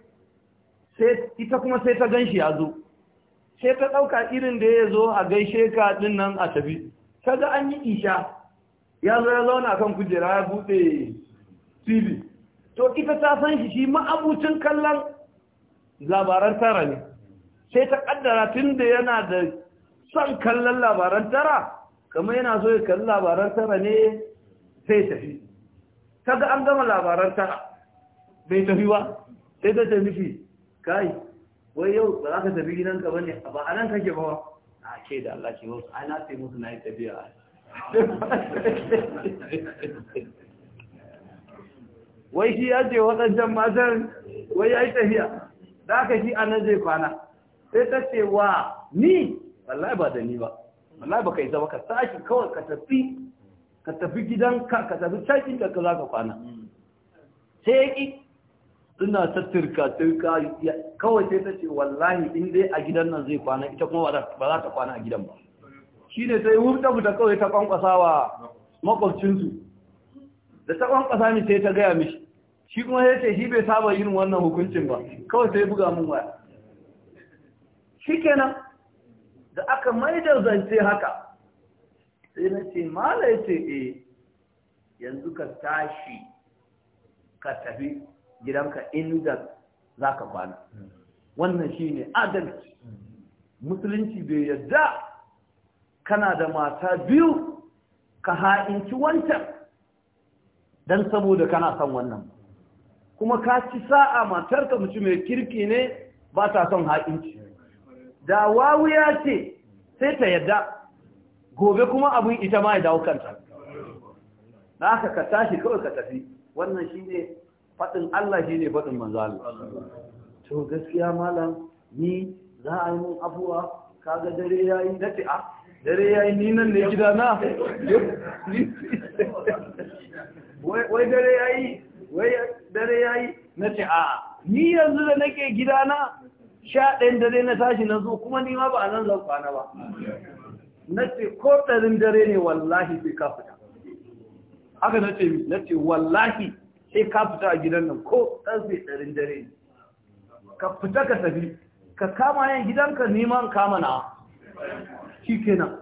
ita kuma sai ta gan shi ya zo sai ta ɗauka irin da ya zo a gaishe ka din nan a tafi ga an yi isha ya zo ya zauna kan kujera ya buɗe. tv to ita ta san shi shi ma'abucin kallon labaran tara ne sai ta kaddara tun da yana da son kallon labaran tara kamar yana so ya kalli labaran tara ne sai tafi ta ga an gama labaran tara bai tafi ba sai ta tafi kai wai yau ba za ka tafi gidan ka ne ba a nan kake ba a ke da Allah ke wasu ana sai musu na yi tafiya wai shi ya ce waɗancan matan wai ya yi tafiya da aka shi a nan zai kwana sai ta ce wa ni wallahi ba da ni ba wallahi ba ka isa ba ka sake kawai ka tafi ka tafi gidanka ka tafi cakin da ka za ka kwana sai ya ƙi suna ta turka turka kawai sai ta ce wallahi in dai a gidan nan zai kwana ita kuma ba za ta kwana a gidan ba shi ne sai wurta fita kawai ta kwankwasa wa makwabcinsu da ta kwankwasa mi sai ta gaya mishi shi kuma ya ce shi bai saba yin wannan hukuncin ba kawai sai buga mun waya shi kenan da aka maida zance haka sai na ce mala ya ce e yanzu ka tashi ka tafi gidanka inda za ka kwana wannan shi ne adalci musulunci bai yadda kana da mata biyu ka ha'inci wancan don saboda kana son wannan ba kuma ka ci sa'a matarka mutum mai kirki ne ba ta son haƙinci da wawu ya ce sai ta yadda gobe kuma abin ita ma ya dawo kanta na aka ka tashi kawai ka tafi wannan shi ne faɗin Allah shi ne faɗin manzali to gaskiya malam ni za a yi mun Ka kaga dare ya yi na a ah, dare ya yi ni nan ne gida na wai dare ya yi wai dare ya yi na ce a'a ni yanzu da nake gidana sha ɗayan dare na tashi na zo kuma ni ma ba a nan zan kwana ba na ce ko ɗarin dare ne wallahi sai ka fita haka na ce na ce wallahi sai ka fita a gidan nan ko ɗan sai ɗarin dare ne ka fita ka tafi ka kama yan gidanka neman kama na shi kenan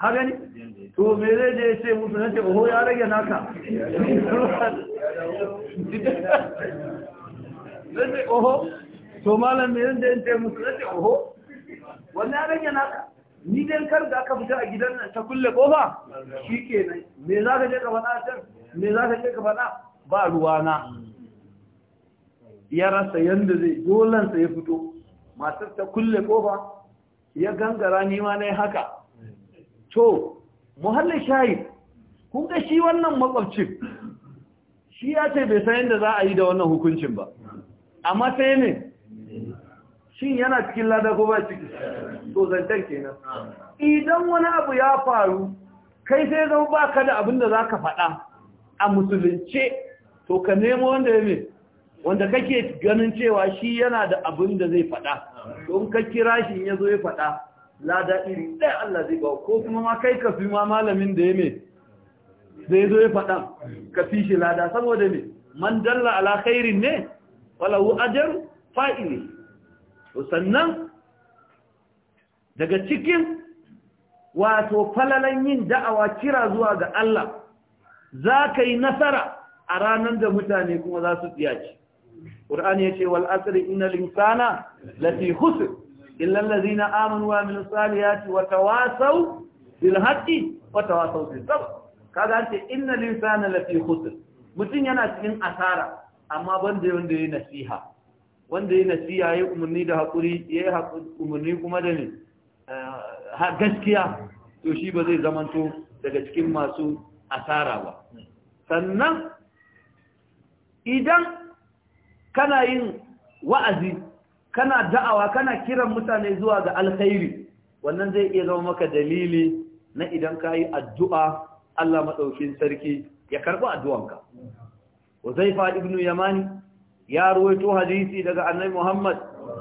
Haka gani to me zai je ce musu nace oho ya rage naka nace oho to malam me zai je ce musu nace oho wannan ya rage naka ni dan kar da aka fita a gidan nan ta kulle kofa shikenan me za ka je ka faɗa can me za ka je ka faɗa ba ruwa na. ya rasa yanda zai dolansa ya fito masar ta kulle kofa ya gangara ni ma na haka to muhallin shahid kun ga shi wannan makwabcin shi ya ce bai san yadda za a yi da wannan hukuncin ba amma sai ne shin yana cikin lada ko ba ciki to zantar kenan idan wani abu ya faru kai sai zama ba ka da abin da za ka faɗa a musulunce to ka nemo wanda ya wanda kake ganin cewa shi yana da abin da zai faɗa don ka kira shi ya zo ya faɗa lada iri ɗaya Allah zai ba ko kuma ma kai ka fi ma malamin da ya me da ya zo ya faɗan ka fi shi lada saboda me man dalla ala khairin ne walahu Ajar fa'ili to sannan daga cikin wato falalan yin da'awa kira zuwa ga Allah za ka yi nasara a ranar da mutane kuma za su tsiyaci. Ƙur'ani ya ce wal asri innal insana lafi husr illa allazina amanu wa amilus salihati wa tawasaw bil haqqi wa tawasaw bis sabr kaga an ce innal insana lafi khusr mutun yana cikin asara amma banda wanda yayi nasiha wanda yayi nasiha yayi umarni da hakuri yayi hakuri umarni kuma da ne gaskiya to shi ba zai zamanto daga cikin masu asara ba sannan idan kana yin wa'azi kana da'awa kana kiran mutane zuwa ga alkhairi wannan zai iya zama maka dalili na idan ka yi addu'a Allah maɗaukin sarki ya karɓi addu'anka. Uzaifa ibn Yamani ya ruwaito hadisi daga annabi Muhammad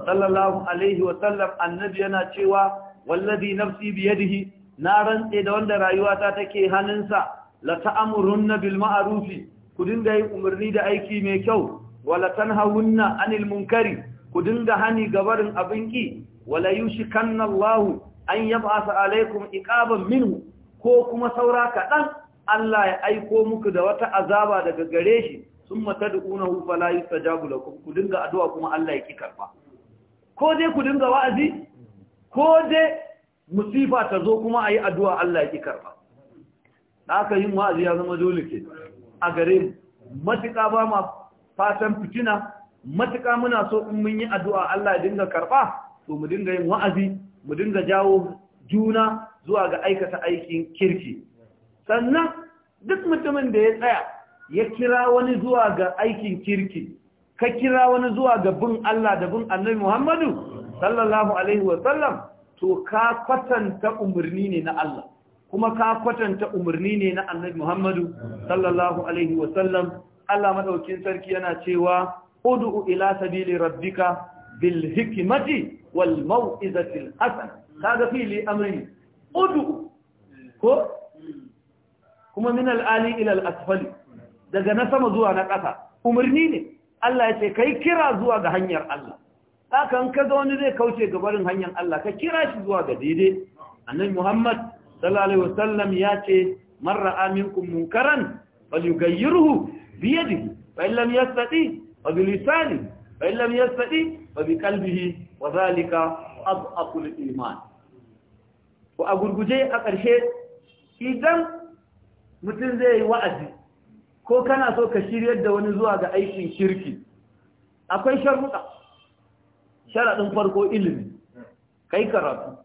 sallallahu Alaihi wasallam annabi yana cewa wallazi nafsi biyadihi na rantse da wanda rayuwata take hannunsa la ta'amurunna bil ma'arufi kudin da yi umarni da aiki mai kyau wala tanhawunna anil munkari ku dinga hani gabarin abin ki wala yushikanna Allah an yab'ath alaikum iqaban minhu ko kuma saura kaɗan Allah ya aiko muku da wata azaba daga gare shi sun mata da fala yustajabu lakum ku dinga addu'a kuma Allah ya ki karba ko dai ku dinga wa'azi ko dai musifa ta zo kuma ayi addu'a Allah ya ki karba haka yin wa'azi ya zama dole ke a gare mu matuƙa ba ma fatan fitina matuƙa muna so in mun yi addu'a Allah ya dinga karɓa to mu dinga yin wa'azi mu dinga jawo juna zuwa ga aikata aikin kirki sannan duk mutumin da ya tsaya ya kira wani zuwa ga aikin kirki ka kira wani zuwa ga bin Allah da bin annabi Muhammadu sallallahu alaihi wa sallam to ka kwatanta umarni ne na Allah kuma ka kwatanta umarni ne na annabi Muhammadu sallallahu alaihi wa sallam Allah maɗaukin sarki yana cewa ud'u ila sabili rabbika bil hikmati wal mau'izati al hasana kaga fili amri ud'u ko kuma min al ali ila al asfali daga na sama zuwa na ƙasa umarni ne Allah ya ce kai kira zuwa ga hanyar Allah hakan ka zo wani zai kauce ga barin hanyar Allah ka kira shi zuwa ga daidai annabi Muhammad sallallahu alaihi wasallam ya ce man ra'a minkum munkaran falyughayyirhu bi fa in yastati فبلسانه فإن لم يستطيع فبقلبه وذلك أضعف الإيمان وأقرقجي أقرشي إذن mutum zai yi wa'azi ko kana so ka shiryar da wani zuwa ga aikin shirki akwai sharuɗa sharaɗin farko ilimi kai karatu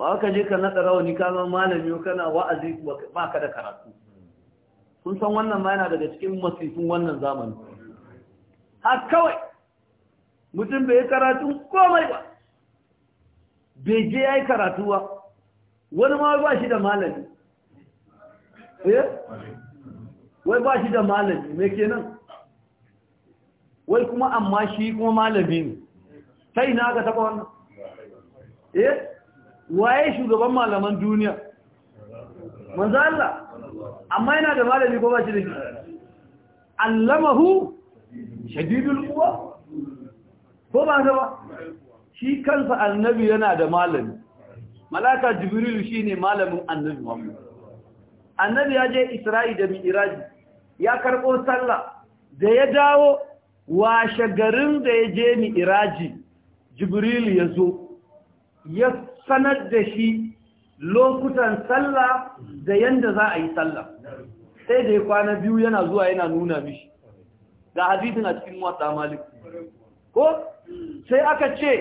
ba ka je ka naɗa rawani kama malami kana wa'azi ba ka da karatu kun san wannan ma yana daga cikin masifin wannan zamani har kawai mutum bai karatu komai ba bai je ya yi karatu ba wani ma ba shi da malami eh? wai ba shi da malami mai kenan wai kuma amma shi kuma malami ne ta ina aka taba wannan ya? Eh? waye shugaban malaman duniya manzo Allah amma yana da malami ko ba shi da shi allamahu shadidul kuwa ko ba ta ba shi kansa annabi yana da malami malaka jibrilu shine malamin annabi annabi ya je isra'i da Mi'iraji ya karɓo sallah da ya dawo washe garin da ya je Mi'iraji jibrilu ya zo ya sanar da shi lokutan sallah da yanda za a yi sallah sai da ya kwana biyu yana zuwa yana nuna mishi ga hadisin a cikin muwatta malik ko sai aka ce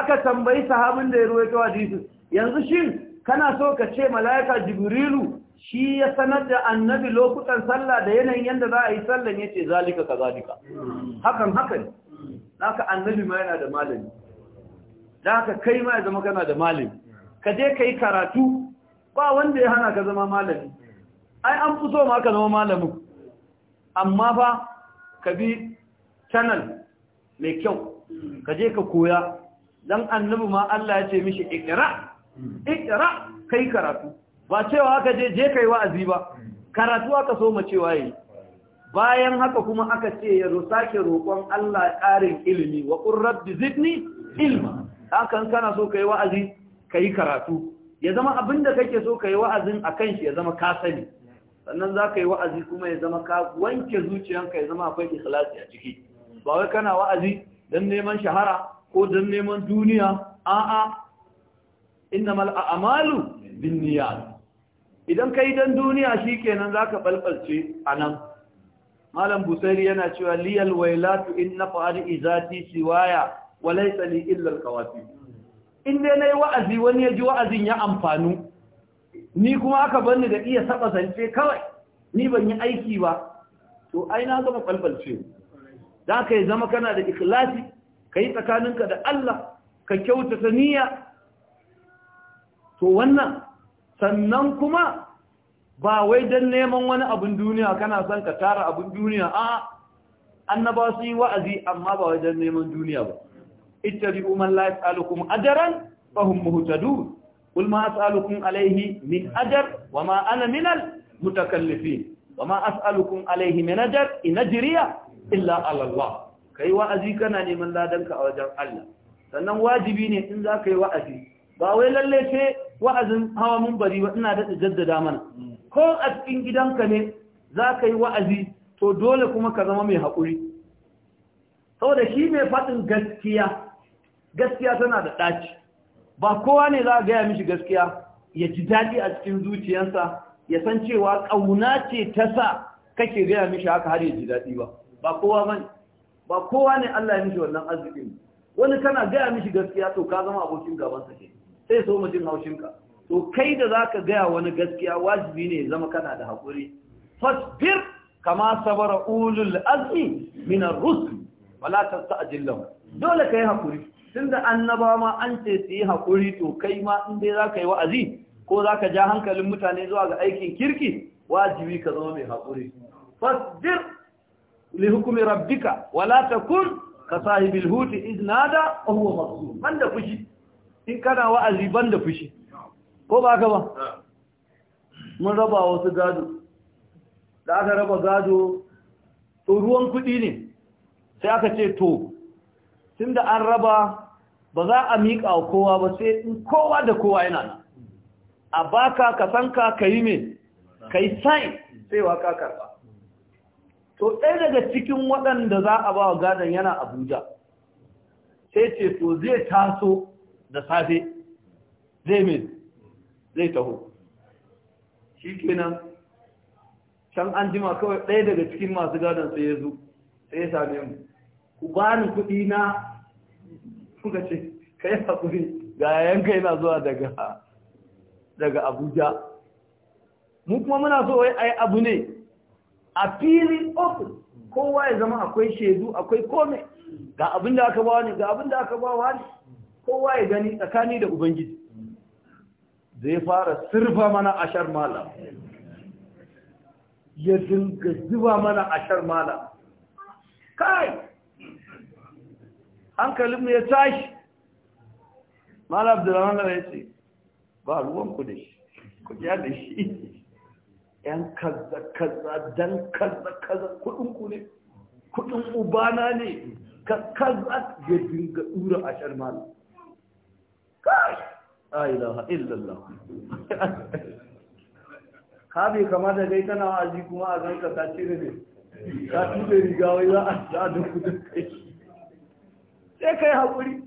aka tambayi sahabin da ya ta hadisin yanzu shi kana so ka ce malaika jibrilu shi ya sanar da annabi lokutan sallah da yanayin yadda za a yi sallan yace zalika ka zalika hakan hakan haka annabi ma yana da malami da ka kai ma ya zama kana da malami ka je ka yi karatu ba wanda ya hana ka zama malami ai an fi so ma ka zama malamin amma fa ka bi canal mai kyau ka je ka koya Don annabi ma Allah ya ce mishi ikira ikira kai karatu ba cewa aka je je kai wa'azi ba karatu aka so ma cewa yi bayan haka kuma aka ce ya zo sake roƙon Allah ƙarin ilimi wa qur rabbi zidni ilma hakan kana so kai wa'azi kai karatu ya zama abin da kake so kai wa'azin akan shi ya zama ka sani sannan za ka yi wa'azi kuma ya zama ka wanke zuciyanka ya zama akwai ikhlasi a ciki ba wai kana wa'azi don neman shahara ko don neman duniya a'a mal’amalu bin binniyat idan ka yi don duniya shi za zaka balbalce nan. malam Busari yana cewa liyal wailatu na fa'ali izati siwaya walai li illar in dai yi wa'azi wani ya ji wa'azin ya amfanu ni kuma aka banni da iya saba zance kawai ni ban yi aiki ba to ai na zama kwalbalce za ka yi zama kana da ikhlasi ka yi tsakaninka da Allah ka kyautata niyya to wannan sannan kuma ba wai don neman wani abin duniya kana son ka tara abin duniya a annaba su yi wa'azi amma ba wai don neman duniya ba ittabi'u man la yas'alukum ajran fa muhtadun قل ما أسألكم عليه من أجر وما أنا من المتكلفين وما أسألكم عليه من أجر إن أجري إلا على الله kai wa'azi kana neman ladanka a wajen Allah sannan wajibi ne in za ka yi wa'azi ba wai lalle ce wa'azin hawa mun bari ba ina daɗa jaddada mana ko a cikin gidanka ne za ka yi wa'azi to dole kuma ka zama mai haƙuri saboda shi mai faɗin gaskiya gaskiya tana da ɗaci ba kowa ne za a gaya mishi gaskiya ya ji daɗi a cikin zuciyarsa ya san cewa ƙauna ce ta sa kake gaya mishi haka har ya ji daɗi ba ba kowa ba ba kowa ne Allah ya mishi wannan arzikin wani kana gaya mishi gaskiya to ka zama abokin gabansa ke sai so jin haushinka to kai da za ka gaya wani gaskiya wajibi ne zama kana da haƙuri Fasbir kama sabara ulul azmi min ar-rusul wala tasta'jil lahum dole kai haƙuri tun da annaba ma an ce su yi haƙuri to kai ma in dai za ka yi wa'azi ko za ka ja hankalin mutane zuwa ga aikin kirki wajibi ka zama mai haƙuri fasdir li hukumi rabbika wala takun ka sahibil huti iznada aw huwa ban banda fushi in kana wa'azi banda fushi ko ba ka ba mun raba wasu gado da aka raba gado to ruwan kuɗi ne sai aka ce to Tun da an raba ba za a miƙa wa kowa ba sai in kowa da kowa yana nan a baka ka san ka kai Ka yi sign sai wa ka karba to ɗaya daga cikin waɗanda za a ba wa gadon yana abuja sai ce to zai taso da safe zai mai zai taho shi kenan can an jima kawai ɗaya daga cikin masu gadon sai ya zo sai ya same mu ku bani kuɗi na kuka ce ka yi haƙuri ga yanka yana zuwa daga abuja mu kuma muna so wai ai abu ne a fili ofis, kowa ya zama akwai shaidu akwai kome ga abin da aka bawa ne ga abin da aka bawa ne kowa ya gani tsakani da ubangiji zai fara sirfa mana ashar mala ya dinga zuba mana ashar mala kai Hankalin mu ya tashi mala abdullahi lara ya ce ba ruwanku da shi ku ja da shi yan kaza-kaza don kaza-kaza kudinku ne kudin ubana ne ka kaza ya dinga dura a Ka yi ayyalaha illallah ka bai kamata dai kana aji kuma a zanka ta cire ne ka tuɗe riga wai za a sa da kudin kai sai ka yi haƙuri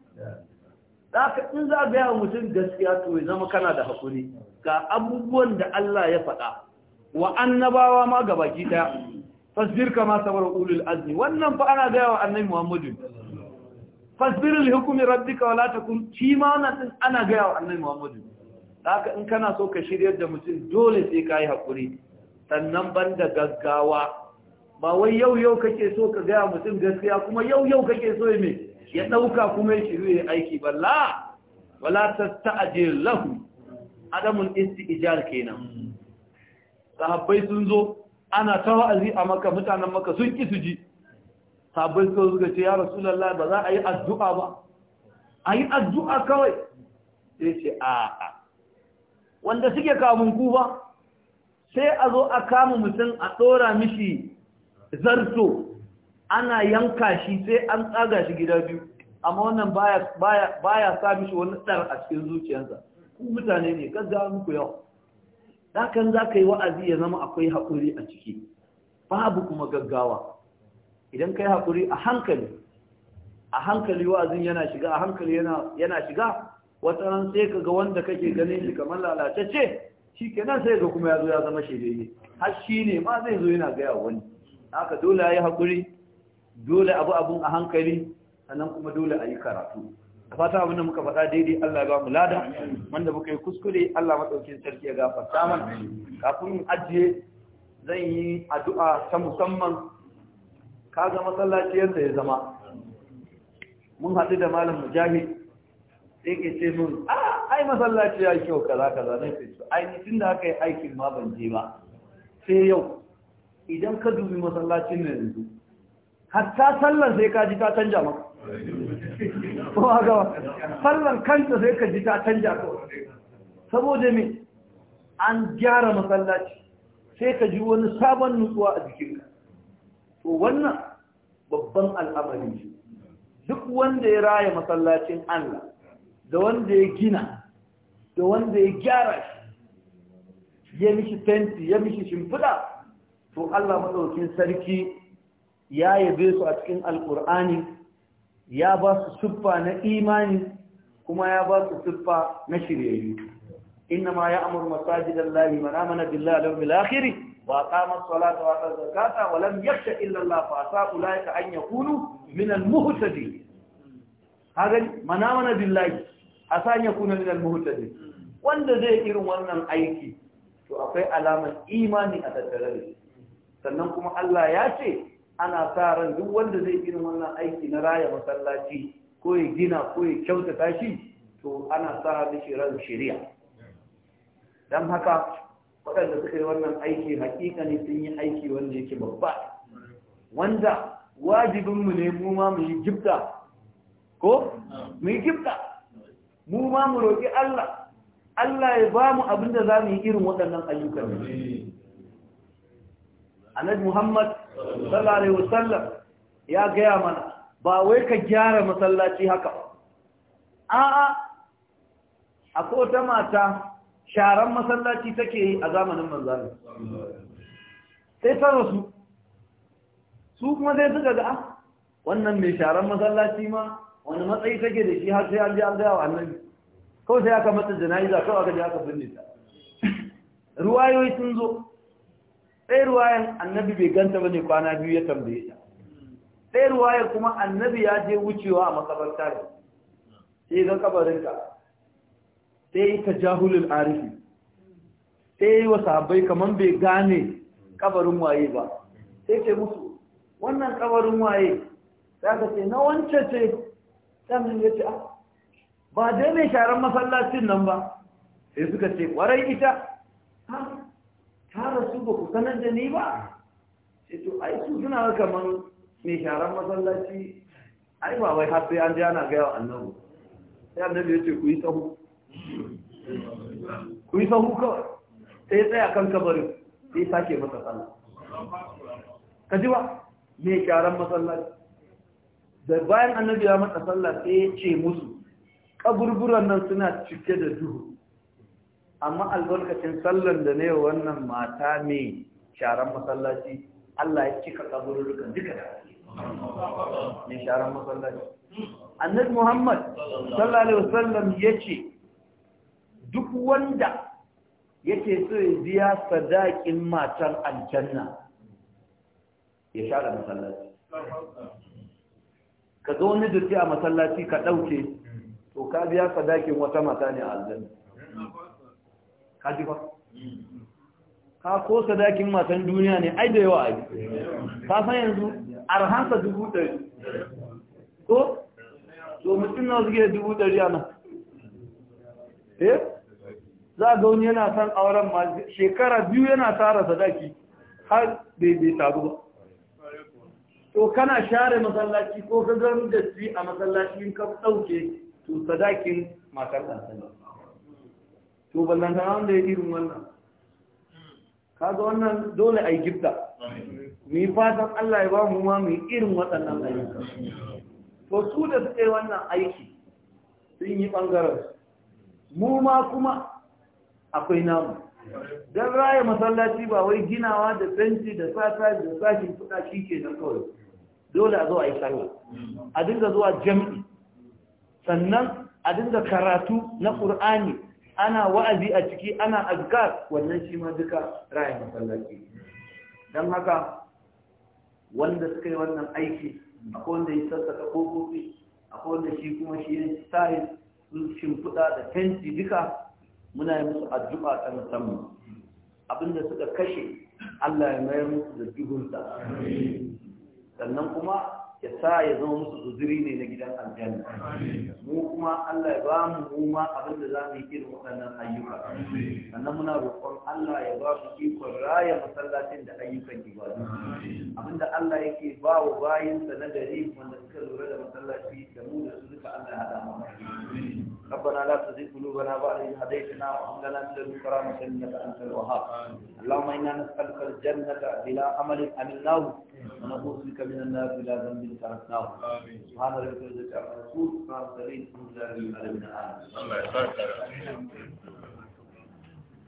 ka in za gaya mutum gaskiya to ya zama kana da haƙuri ga abubuwan da Allah ya faɗa wa annabawa ma ga baki ɗaya fasbir kama sabar ulul azmi wannan fa ana gaya wa annabi Muhammadu fasbir li hukmi rabbika wala takun shi ma wannan ana gaya wa annabi Muhammadu haka in kana so ka shiryar da mutum dole sai ka yi haƙuri sannan ban da gaggawa ba wai yau yau kake so ka gaya mutum gaskiya kuma yau yau kake so ya mai ya ɗauka kuma ya shiru ya aiki balla wala ta lahu adamun istijar kenan sahabbai sun zo ana ta wa'azi a maka mutanen maka sun ki su ji sahabbai sun suka ce ya rasulullahi ba za a yi addu'a ba a yi addu'a kawai sai ce a'a wanda suke kamun ku ba sai a zo a kama mutum a ɗora mishi zarto ana yanka shi sai an tsaga shi gida biyu amma wannan baya sa mishi wani ɗar a cikin zuciyarsa ku mutane ne gaggawa muku yau dakan za ka yi wa'azi ya zama akwai haƙuri a ciki babu kuma gaggawa idan ka yi haƙuri a hankali a hankali wa'azin yana shiga a hankali yana shiga wata ran sai ka ga wanda kake ganin shi kamar lalatacce shi kenan sai ga kuma ya zo ya zama shirye har shi ne ma zai zo yana gaya wani haka dole ya yi haƙuri dole abu abun a hankali sannan kuma dole a yi karatu a fata abin da muka faɗa daidai Allah ba mu lada wanda muka yi kuskure Allah maɗaukin sarki ya gafarta mana kafin mu ajiye zan yi addu'a ta musamman kaga masallaci yadda ya zama mun haɗu da malam mujahid sai ke ce mun a ah, ai masallaci ya kyau kaza kaza ne sai su ai tun da aka yi aikin ma ban je ba sai yau idan ka dubi masallacin nan yanzu hatta sallar sai ka ji ta canja maka ko haka sallan kanta sai ka ji ta canja ko saboda me an gyara masallaci sai ka ji wani sabon nutsuwa a jikinka to wannan babban al'amari ne duk wanda ya raya masallacin Allah da wanda ya gina da wanda ya gyara shi ya mishi fenti ya mishi shimfiɗa to Allah madaukin sarki ya yabe su a cikin alkur'ani ya ba su siffa na imani kuma ya ba su siffa na shiryayyu inna ma ya'muru masajidallahi man amana billahi wal yawmil akhir wa aqama as-salata wa ata zakata wa lam yakhsha illa Allah fa asa ulaika an yakunu min al-muhtadin hagan man amana billahi asa an yakuna min al-muhtadin wanda zai irin wannan aiki to akwai alamar imani a tattare da sannan kuma Allah ya ce ana sa ran duk wanda zai irin wannan aiki na raya masallaci ko ya gina ko ya kyautata shi to ana sa mishi ran shari'a don haka waɗanda suka yi wannan aiki hakika ne sun yi aiki wanda yake babba wanda wajibinmu ne mu ma mu yi gifta ko mu yi gifta mu ma mu roƙi Allah Allah ya ba mu abinda za mu yi irin waɗannan ayyukan Annabi Muhammad sallallahu alaihi wasallam ya gaya mana ba wai ka gyara masallaci haka ba a'a akwai ta mata sharan masallaci take yi a zamanin manzana sai ta rasu su kuma sai suka ga ah, wannan mai sharan masallaci ma wani matsayi take da shi har sai an ji an gaya wa annabi kawai sai aka mata jana'iza kawai aka ji aka binne ta ruwayoyi sun zo sai ruwayan annabi bai ganta bane kwana biyu ya tambaye ta sai ruwayan kuma annabi ya je wucewa a makabartar ne sai ga kabarinka sai ta jahulul arifi sai wa sahabbai kaman bai gane kabarin waye ba sai ce musu wannan kabarin waye za ka ce na wance ce sannan ya ce ah, ba dai mai sharan masallacin nan ba sai suka ce kwarai ita ta rasu ba ku sanar da ni ba sai to ai su suna kamar mai sharan masallaci ai ba wai har sai an ji ana gaya wa annabu sai annabi ya ce ku yi sahu ku yi sahu kawai sai tsaya kan kabarin sai sake masa sallah ka ji ba mai sharan masallaci da bayan annabi ya masa sallah sai ya ce musu kaburburan nan suna cike da duhu amma albarkacin sallan da ne wannan mata ne, sharan masallaci Allah ya cika kaburrukan duka ne sharan masallaci annabi Muhammad sallallahu alaihi wasallam yace duk wanda yake so ya biya sadakin matan aljanna ya share masallaci ka zo wani duk a masallaci ka dauke to ka biya sadakin wata mata ne a aljanna ka ji ba ka ko sadakin matan duniya ne ai da yawa ai ka san yanzu arhansa dubu ɗari ko so mutum na suke dubu ɗari a nan eh za ga wani yana san auren ma shekara biyu yana tara sadaki har bai taru ba to kana share masallaci ko ka gani da su a masallacin ka ɗauke to sadakin matar ɗan sallah to ta wanda ya irin wannan kaga wannan dole a yi gifta mu fatan Allah ya ba mu ma mu irin waɗannan ayyuka to su da suka wannan aiki sun yi ɓangaren mu ma kuma akwai namu don raya masallaci ba wai ginawa da tsanci da sata da sashin fuka shi ke nan kawai dole a zo a yi sallah a dinga zuwa jam'i sannan a dinga karatu na ƙur'ani ana wa'azi a ciki ana azkar wannan shi ma duka raya masallaci don haka wanda suka yi wannan aiki akwai wanda ya sassaka kofofi akwai wanda shi kuma shi ya style sun shimfiɗa da fenti duka muna yi musu addu'a ta musamman abinda suka kashe Allah ya mayar musu da dubunta sannan kuma ya sa ya zama musu uzuri ne na gidan aljanna mu kuma Allah ya ba mu mu abin da za mu yi irin waɗannan ayyuka sannan muna roƙon Allah ya ba mu ikon raya masallacin da ayyukan ibadu abin da Allah yake ba wa bayinsa na gari wanda suka lura da masallaci da mu da su Allah ya haɗa mu ربنا لا تزيد قلوبنا بعد إذ هديتنا وهب لنا من لدنك رحمة إنك أنت الوهاب اللهم إنا نسألك الجنة بلا عمل عملناه ونعوذ بك من النار بلا ذنب تركناه سبحان ربك العزة عما يصفون سبحان السبيل الحمد لله رب العالمين آمين